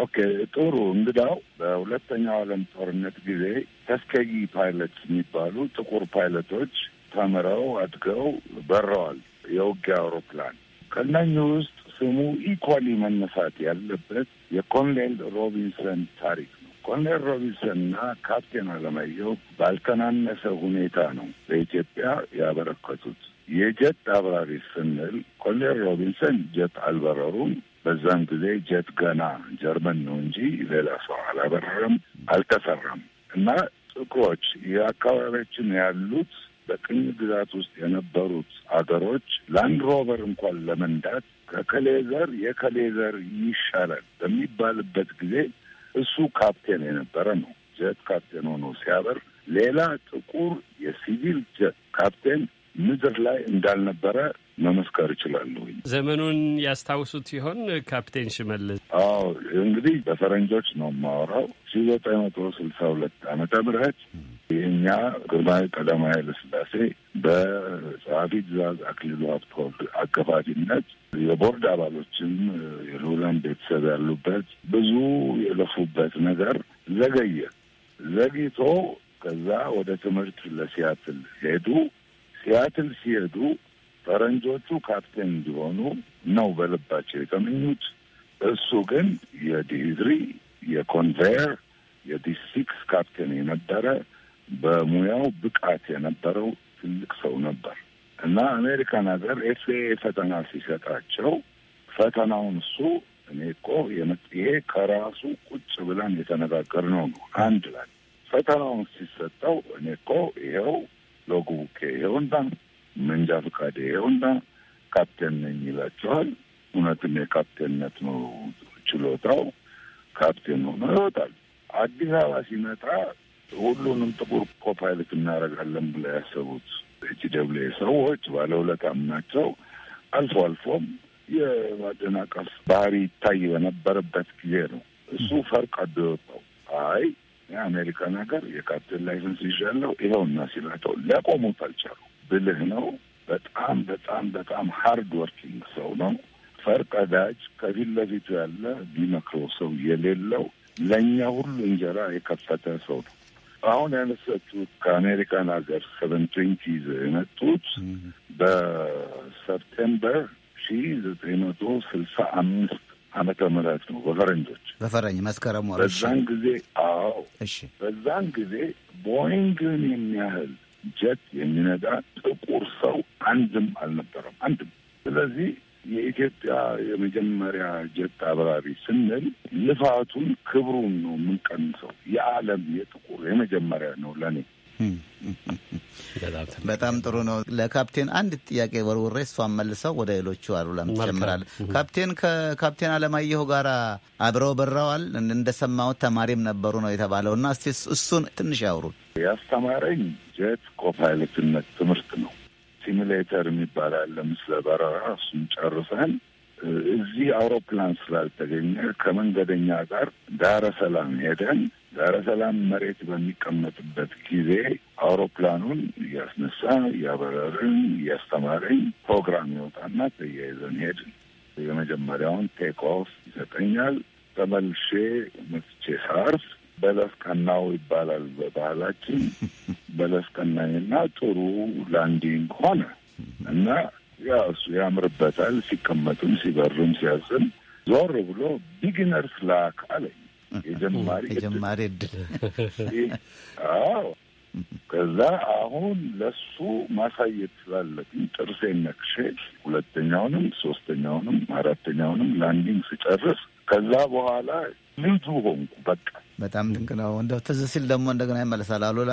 ኦኬ ጥሩ እንግዳው በሁለተኛው ዓለም ጦርነት ጊዜ ተስከጊ ፓይለት የሚባሉ ጥቁር ፓይለቶች ተምረው አድገው በረዋል የውጊያ አውሮፕላን ከእነኚህ ውስጥ ስሙ ኢኳሊ መነሳት ያለበት የኮሎኔል ሮቢንሰን ታሪክ ነው። ኮሎኔል ሮቢንሰንና ካፕቴን አለማየሁ ባልተናነሰ ሁኔታ ነው በኢትዮጵያ ያበረከቱት። የጀት አብራሪ ስንል ኮሎኔል ሮቢንሰን ጀት አልበረሩም። በዛን ጊዜ ጀት ገና ጀርመን ነው እንጂ ሌላ ሰው አላበረረም፣ አልተሰራም እና ጥቁሮች የአካባቢያችን ያሉት በቅኝ ግዛት ውስጥ የነበሩት አገሮች ላንድ ሮቨር እንኳን ለመንዳት ከከሌ ዘር የከሌ ዘር ይሻላል በሚባልበት ጊዜ እሱ ካፕቴን የነበረ ነው። ጀት ካፕቴን ሆኖ ሲያበር ሌላ ጥቁር የሲቪል ጀት ካፕቴን ምድር ላይ እንዳልነበረ መመስከር እችላለሁ። ዘመኑን ያስታውሱት ሲሆን ካፕቴን ሽመልስ? አዎ እንግዲህ በፈረንጆች ነው የማወራው ሺ ዘጠኝ መቶ ስልሳ ሁለት አመተ ምህረት የእኛ ግርማዊ ቀዳማዊ ኃይለሥላሴ በጸሐፊ ትእዛዝ አክሊሉ ሀብተወልድ አገፋፊነት የቦርድ አባሎችም የልዑላን ቤተሰብ ያሉበት ብዙ የለፉበት ነገር ዘገየ። ዘግይቶ ከዛ ወደ ትምህርት ለሲያትል ሄዱ። ሲያትል ሲሄዱ ፈረንጆቹ ካፕቴን እንዲሆኑ ነው በልባቸው የተመኙት። እሱ ግን የዲዝሪ የኮንቬየር የዲሲክስ ካፕቴን የነበረ በሙያው ብቃት የነበረው ትልቅ ሰው ነበር እና አሜሪካን ሀገር ኤፍኤ ፈተና ሲሰጣቸው ፈተናውን እሱ እኔ እኮ ይሄ ከራሱ ቁጭ ብለን የተነጋገር ነው። አንድ ላይ ፈተናውን ሲሰጠው እኔ እኮ ይኸው ሎግ ቡኬ ይኸው መንጃ ፈቃዴ ይኸው ካፕቴን ነኝ ይላቸዋል። እውነትም የካፕቴንነት ነው ችሎታው። ካፕቴን ሆኖ ይወጣል። አዲስ አበባ ሲመጣ ሁሉንም ጥቁር ኮፓይለት እናደርጋለን ብለ ያሰቡት ኤች ደብሌ ሰዎች ባለውለታም ናቸው። አልፎ አልፎም የማደናቀፍ ባህሪ ይታይ በነበረበት ጊዜ ነው እሱ ፈርቀዶ የወጣው አይ የአሜሪካን ሀገር የካፕቴን ላይሰንስ ይዣለሁ ይኸውና ሲላቸው ሊያቆሙት አልቻሉ። ብልህ ነው። በጣም በጣም በጣም ሀርድ ወርኪንግ ሰው ነው። ፈርቀዳጅ፣ ከፊት ለፊቱ ያለ ቢመክረው ሰው የሌለው ለእኛ ሁሉ እንጀራ የከፈተ ሰው ነው። አሁን ያነሳችሁት ከአሜሪካን ሀገር ሰቨን ትዌንቲ የመጡት በሰፕቴምበር ሺ ዘጠኝ መቶ ስልሳ አምስት አመተ ምህረት ነው በፈረንጆች በፈረንጅ መስከረም ወር። በዛን ጊዜ አዎ፣ እሺ፣ በዛን ጊዜ ቦይንግን የሚያህል ጀት የሚነዳ ጥቁር ሰው አንድም አልነበረም፣ አንድም። ስለዚህ የኢትዮጵያ የመጀመሪያ ጀት አብራሪ ስንል ልፋቱን፣ ክብሩን ነው የምንቀንሰው። የዓለም የጥቁር የመጀመሪያ ነው ለእኔ። በጣም ጥሩ ነው። ለካፕቴን አንድ ጥያቄ ወርውሬ እሷን መልሰው ወደ ሌሎቹ አሉ ለምትጀምራል። ካፕቴን ከካፕቴን አለማየሁ ጋር አብረው በረዋል። እንደሰማሁት ተማሪም ነበሩ ነው የተባለው እና እስቲ እሱን ትንሽ ያውሩን። ያስተማረኝ ጀት ኮፓይለትነት ትምህርት ነው ሲሚሌተር የሚባል አለ ምስለ በረራ እሱን ጨርሰን እዚህ አውሮፕላን ስላልተገኘ ከመንገደኛ ጋር ዳረ ሰላም ሄደን ዳረ ሰላም መሬት በሚቀመጥበት ጊዜ አውሮፕላኑን እያስነሳ እያበረርን እያስተማረኝ ፕሮግራም ይወጣና ተያይዘን ሄድን። የመጀመሪያውን ቴክ ኦፍ ይሰጠኛል። ተመልሼ መጥቼ ሳርፍ በለስ ቀናው ይባላል በባህላችን። በለስ ቀናኝና ጥሩ ላንዲንግ ሆነ እና ያ እሱ ያምርበታል። ሲቀመጥም ሲበርም ሲያዝም ዞር ብሎ ቢግነርስ ላክ አለኝ። የጀማሪ የጀማሪ እድል። አዎ ከዛ አሁን ለሱ ማሳየት ስላለብኝ ጥርሴ ነክሼ ሁለተኛውንም ሶስተኛውንም አራተኛውንም ላንዲንግ ስጨርስ ከዛ በኋላ ልጁ ሆንኩ። በቃ በጣም ድንቅ ነው። እንደው ትዝ ሲል ደግሞ እንደገና ይመለሳል። አሉላ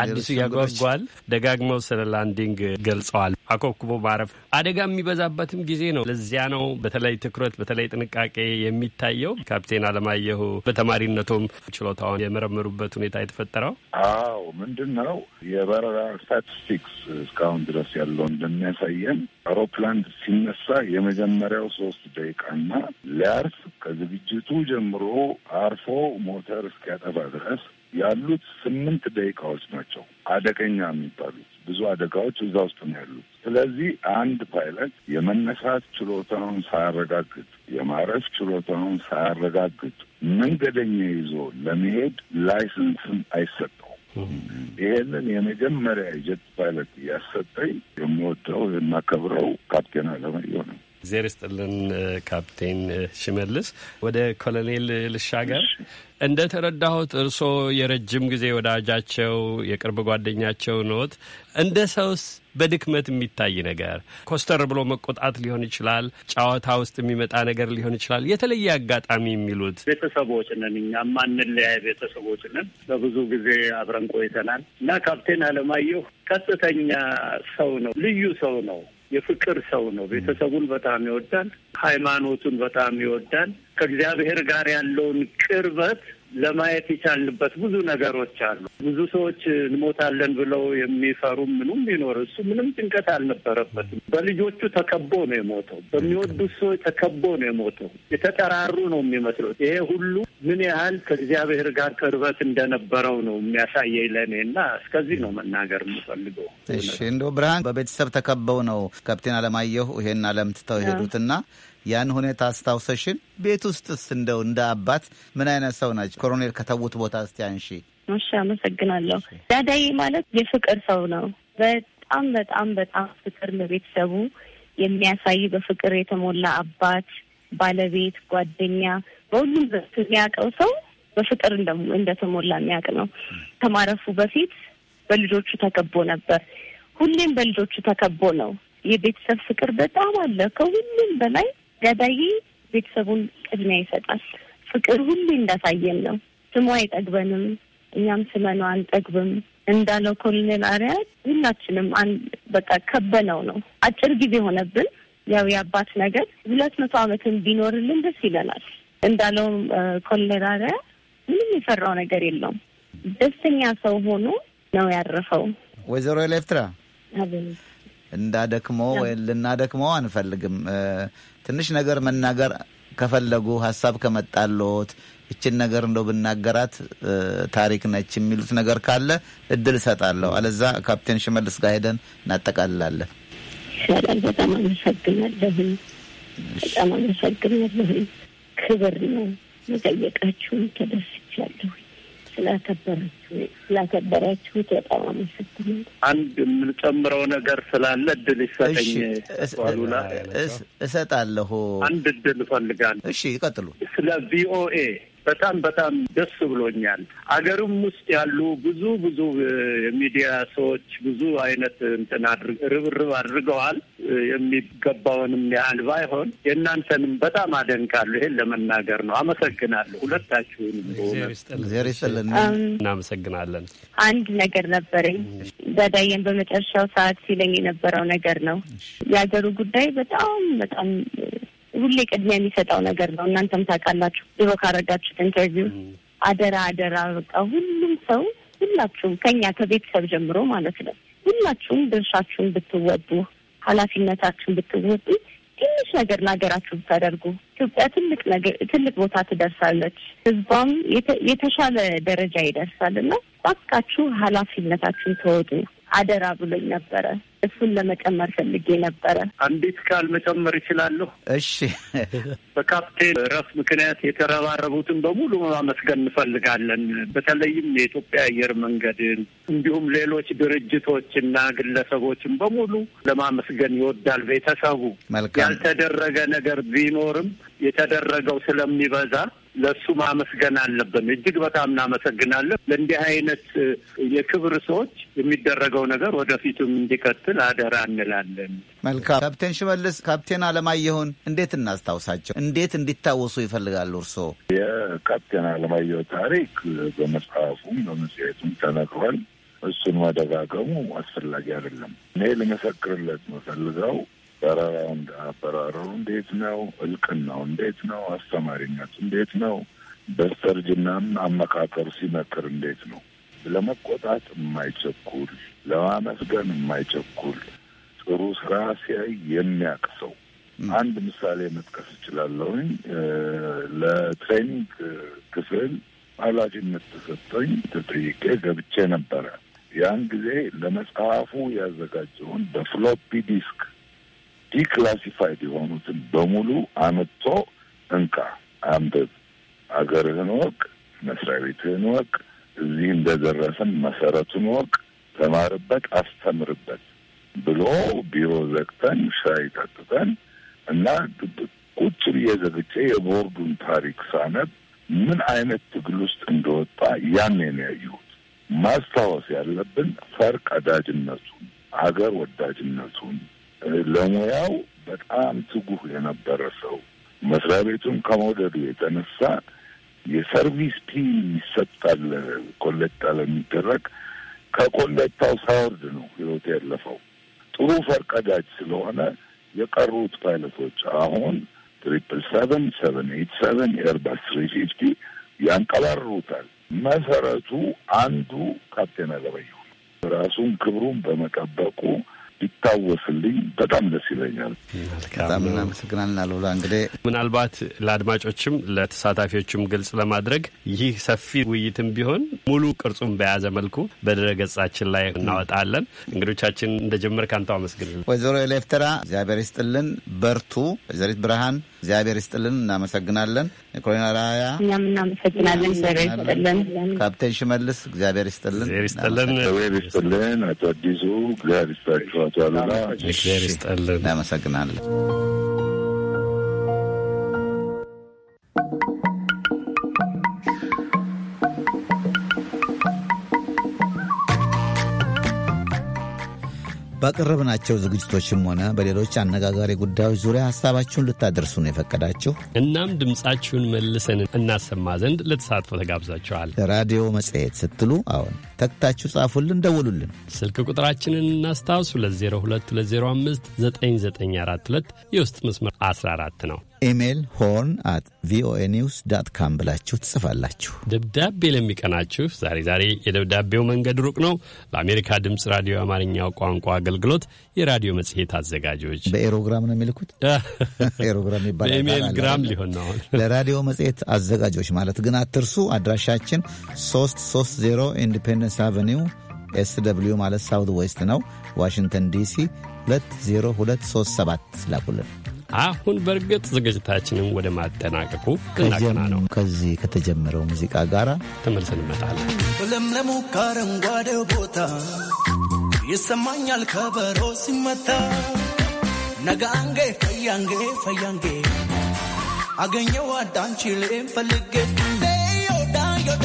አዲሱ ያጓጓል። ደጋግመው ስለ ላንዲንግ ገልጸዋል። አኮብኩቦ ማረፍ አደጋ የሚበዛበትም ጊዜ ነው። ለዚያ ነው በተለይ ትኩረት፣ በተለይ ጥንቃቄ የሚታየው። ካፕቴን አለማየሁ በተማሪነቱም ችሎታውን የመረመሩበት ሁኔታ የተፈጠረው አዎ፣ ምንድን ነው የበረራ ስታቲስቲክስ እስካሁን ድረስ ያለው እንደሚያሳየን አውሮፕላን ሲነሳ የመጀመሪያው ሶስት ደቂቃና ሊያርፍ ከዝግጅቱ ጀምሮ አርፎ ሞተር እስኪያጠፋ ድረስ ያሉት ስምንት ደቂቃዎች ናቸው አደገኛ የሚባሉት። ብዙ አደጋዎች እዛ ውስጥ ነው ያሉት። ስለዚህ አንድ ፓይለት የመነሳት ችሎታውን ሳያረጋግጥ፣ የማረፍ ችሎታውን ሳያረጋግጥ መንገደኛ ይዞ ለመሄድ ላይሰንስም አይሰጠው። ይሄንን የመጀመሪያ የጀት ፓይለት እያሰጠኝ የምወደው የማከብረው ካፕቴን አለማየሁ ነው። ዜር ስጥልን ካፕቴን ሽመልስ ወደ ኮሎኔል ልሻገር። እንደ ተረዳሁት እርስዎ የረጅም ጊዜ ወዳጃቸው የቅርብ ጓደኛቸው ኖት። እንደ ሰውስ በድክመት የሚታይ ነገር ኮስተር ብሎ መቆጣት ሊሆን ይችላል፣ ጨዋታ ውስጥ የሚመጣ ነገር ሊሆን ይችላል። የተለየ አጋጣሚ የሚሉት ቤተሰቦች ነን፣ እኛ ማንለያይ ቤተሰቦች ነን። በብዙ ጊዜ አብረን ቆይተናል እና ካፕቴን አለማየሁ ቀጥተኛ ሰው ነው፣ ልዩ ሰው ነው። የፍቅር ሰው ነው። ቤተሰቡን በጣም ይወዳል። ሃይማኖቱን በጣም ይወዳል። ከእግዚአብሔር ጋር ያለውን ቅርበት ለማየት የቻልንበት ብዙ ነገሮች አሉ። ብዙ ሰዎች እንሞታለን ብለው የሚፈሩ ምኑም ቢኖር እሱ ምንም ጭንቀት አልነበረበትም። በልጆቹ ተከቦ ነው የሞተው። በሚወዱት ሰዎች ተከቦ ነው የሞተው። የተጠራሩ ነው የሚመስለው። ይሄ ሁሉ ምን ያህል ከእግዚአብሔር ጋር ቅርበት እንደነበረው ነው የሚያሳየኝ ለእኔ እና እስከዚህ ነው መናገር የምፈልገው። እሺ እንደው ብርሃን በቤተሰብ ተከበው ነው ካፕቴን አለማየሁ ይሄን ዓለም ትተው ያን ሁኔታ አስታውሰሽን ቤት ውስጥስ እንደው እንደ አባት ምን አይነት ሰው ናቸው? ኮሮኔል ከተዉት ቦታ እስቲ አንሺ። እሺ፣ አመሰግናለሁ። ዳዳዬ ማለት የፍቅር ሰው ነው። በጣም በጣም በጣም ፍቅር ለቤተሰቡ የሚያሳይ በፍቅር የተሞላ አባት፣ ባለቤት፣ ጓደኛ፣ በሁሉም ዘርፍ የሚያውቀው ሰው በፍቅር እንደተሞላ የሚያውቅ ነው። ከማረፉ በፊት በልጆቹ ተከቦ ነበር። ሁሌም በልጆቹ ተከቦ ነው። የቤተሰብ ፍቅር በጣም አለ። ከሁሉም በላይ ገበይ ቤተሰቡን ቅድሚያ ይሰጣል። ፍቅር ሁሉ እንዳሳየን ነው። ስሙ አይጠግበንም፣ እኛም ስመኗ አንጠግብም እንዳለው ኮሎኔል አሪያ ሁላችንም በቃ ከበነው ነው። አጭር ጊዜ ሆነብን። ያው የአባት ነገር ሁለት መቶ አመትን ቢኖርልን ደስ ይለናል። እንዳለው ኮሎኔል አርያ ምንም የፈራው ነገር የለውም። ደስተኛ ሰው ሆኖ ነው ያረፈው። ወይዘሮ ኤሌፍትራ እንዳደክመው ልናደክመው አንፈልግም። ትንሽ ነገር መናገር ከፈለጉ ሀሳብ ከመጣሎት እችን ነገር እንደው ብናገራት ታሪክ ነች የሚሉት ነገር ካለ እድል እሰጣለሁ። አለዛ ካፕቴን ሽመልስ ጋር ሄደን እናጠቃልላለን። ይሻላል። በጣም አመሰግናለሁ። በጣም አመሰግናለሁ። ክብር ነው መጠየቃችሁን፣ ተደስቻለሁኝ። አንድ የምንጨምረው ነገር ስላለ እድል ይሰጠኝ እሰጣለሁ። አንድ እድል እፈልጋለሁ። እሺ ይቀጥሉ። ስለ ቪኦኤ በጣም በጣም ደስ ብሎኛል። አገርም ውስጥ ያሉ ብዙ ብዙ የሚዲያ ሰዎች ብዙ አይነት እንትን ርብርብ አድርገዋል። የሚገባውንም ያህል ባይሆን የእናንተንም በጣም አደንቃሉ። ይሄን ለመናገር ነው። አመሰግናለሁ ሁለታችሁንም። እናመሰግናለን። አንድ ነገር ነበረኝ በዳየን በመጨረሻው ሰዓት ሲለኝ የነበረው ነገር ነው። የሀገሩ ጉዳይ በጣም በጣም ሁሌ ቅድሚያ የሚሰጠው ነገር ነው። እናንተም ታውቃላችሁ፣ ድሮ ካረጋችሁት ኢንተርቪው አደራ አደራ፣ በቃ ሁሉም ሰው ሁላችሁም ከኛ ከቤተሰብ ጀምሮ ማለት ነው ሁላችሁም ድርሻችሁን ብትወጡ ኃላፊነታችሁን ብትወጡ ትንሽ ነገር ለሀገራችሁ ብታደርጉ ኢትዮጵያ ትልቅ ነገር ትልቅ ቦታ ትደርሳለች፣ ህዝቧም የተሻለ ደረጃ ይደርሳል እና ባካችሁ ኃላፊነታችሁን ተወጡ። አደራ ብሎኝ ነበረ። እሱን ለመጨመር ፈልጌ ነበረ። አንዲት ቃል መጨመር ይችላለሁ? እሺ። በካፕቴን እረፍት ምክንያት የተረባረቡትን በሙሉ ማመስገን እንፈልጋለን። በተለይም የኢትዮጵያ አየር መንገድን እንዲሁም ሌሎች ድርጅቶችና ግለሰቦችን በሙሉ ለማመስገን ይወዳል ቤተሰቡ። ያልተደረገ ነገር ቢኖርም የተደረገው ስለሚበዛ ለእሱ ማመስገን አለብን። እጅግ በጣም እናመሰግናለን። ለእንዲህ አይነት የክብር ሰዎች የሚደረገው ነገር ወደፊቱም እንዲቀጥል አደራ እንላለን። መልካም ካፕቴን ሽመልስ፣ ካፕቴን አለማየሁን እንዴት እናስታውሳቸው? እንዴት እንዲታወሱ ይፈልጋሉ እርስዎ? የካፕቴን አለማየሁ ታሪክ በመጽሐፉም በመጽሔቱም ተነግሯል። እሱን መደጋገሙ አስፈላጊ አይደለም። እኔ ልመሰክርለት መፈልገው አሰራራው እንደ እንዴት ነው? እልቅናው እንዴት ነው? አስተማሪነት እንዴት ነው? በስተርጅናም አመካከር ሲመክር እንዴት ነው? ለመቆጣት የማይቸኩል ለማመስገን የማይቸኩል ጥሩ ስራ ሲያይ የሚያቅሰው አንድ ምሳሌ መጥቀስ እችላለሁኝ። ለትሬኒንግ ክፍል ኃላፊነት ተሰጠኝ። ተጠይቄ ገብቼ ነበረ። ያን ጊዜ ለመጽሐፉ ያዘጋጀውን በፍሎፒ ዲስክ ዲክላሲፋይድ የሆኑትን በሙሉ አመጥቶ እንካ አንብብ፣ አገርህን ወቅ፣ መስሪያ ቤትህን ወቅ፣ እዚህ እንደደረሰን መሰረቱን ወቅ፣ ተማርበት፣ አስተምርበት ብሎ ቢሮ ዘግተን ሻይ ጠጥተን እና ቁጭ ብዬ ዘግቼ የቦርዱን ታሪክ ሳነብ ምን አይነት ትግል ውስጥ እንደወጣ ያኔ ነው ያየሁት። ማስታወስ ያለብን ፈር ቀዳጅነቱን፣ አገር ወዳጅነቱን ለሙያው በጣም ትጉህ የነበረ ሰው መስሪያ ቤቱን ከመውደዱ የተነሳ የሰርቪስ ፒል ይሰጣል። ኮሌታ ለሚደረግ ከኮሌታው ሳወርድ ነው ህይወት ያለፈው። ጥሩ ፈርቀዳጅ ስለሆነ የቀሩት ፓይለቶች አሁን ትሪፕል ሰቨን ሰቨን ኤት ሰቨን ኤርባስ ትሪ ፊፍቲ ያንቀባርሩታል። መሰረቱ አንዱ ካፕቴን አለባየሁ ራሱን ክብሩን በመጠበቁ ይታወስልኝ በጣም ደስ ይለኛል። በጣም እናመሰግናል። አሉላ እንግዲህ ምናልባት ለአድማጮችም ለተሳታፊዎችም ግልጽ ለማድረግ ይህ ሰፊ ውይይትም ቢሆን ሙሉ ቅርጹን በያዘ መልኩ በድረ ገጻችን ላይ እናወጣለን። እንግዶቻችን እንደጀመር ካንተው አመስግንል ወይዘሮ ኤሌፍተራ እግዚአብሔር ይስጥልን፣ በርቱ። ወይዘሪት ብርሃን እግዚአብሔር ይስጥልን። እናመሰግናለን። ኮሎኔል ራያ እኛም እናመሰግናለን። እግዚአብሔር ይስጥልን። ካፕቴን ሽመልስ እግዚአብሔር ይስጥልን። እግዚአብሔር ይስጥልን። አቶ አዲሱ እግዚአብሔር ይስጣችሁ። አቶ አሉላ እግዚአብሔር ይስጥልን። እናመሰግናለን። ባቀረብናቸው ዝግጅቶችም ሆነ በሌሎች አነጋጋሪ ጉዳዮች ዙሪያ ሀሳባችሁን ልታደርሱን የፈቀዳችሁ። እናም ድምፃችሁን መልሰን እናሰማ ዘንድ ለተሳትፎ ተጋብዛችኋል። ራዲዮ መጽሔት ስትሉ አሁን ተክታችሁ ጻፉልን፣ ደውሉልን። ስልክ ቁጥራችንን እናስታውስ፣ 2022059942 የውስጥ መስመር 14 ነው። ኢሜል ሆርን አት ቪኦኤ ኒውስ ዳት ካም ብላችሁ ትጽፋላችሁ። ደብዳቤ ለሚቀናችሁ ዛሬ ዛሬ የደብዳቤው መንገድ ሩቅ ነው። ለአሜሪካ ድምፅ ራዲዮ የአማርኛው ቋንቋ አገልግሎት የራዲዮ መጽሔት አዘጋጆች በኤሮግራም ነው የሚልኩት። ኤሮግራም ይባላል። ግራም ሊሆን ነው። ለራዲዮ መጽሔት አዘጋጆች ማለት ግን አትርሱ። አድራሻችን 330 ኢንዲፔንደንስ አቨኒው ኤስ ደብልዩ ማለት ሳውት ዌስት ነው፣ ዋሽንግተን ዲሲ 20237 ላኩልን። አሁን በእርግጥ ዝግጅታችንን ወደ ማጠናቀቁ ቅናቀና ነው። ከዚህ ከተጀመረው ሙዚቃ ጋር ተመልሰን እንመጣለን። ለምለሙ ከአረንጓዴው ቦታ ይሰማኛል ከበሮ ሲመታ ነጋንጌ ፈያንጌ ፈያንጌ አገኘው አዳንችልን ፈልጌ ዮዳ ዮዳ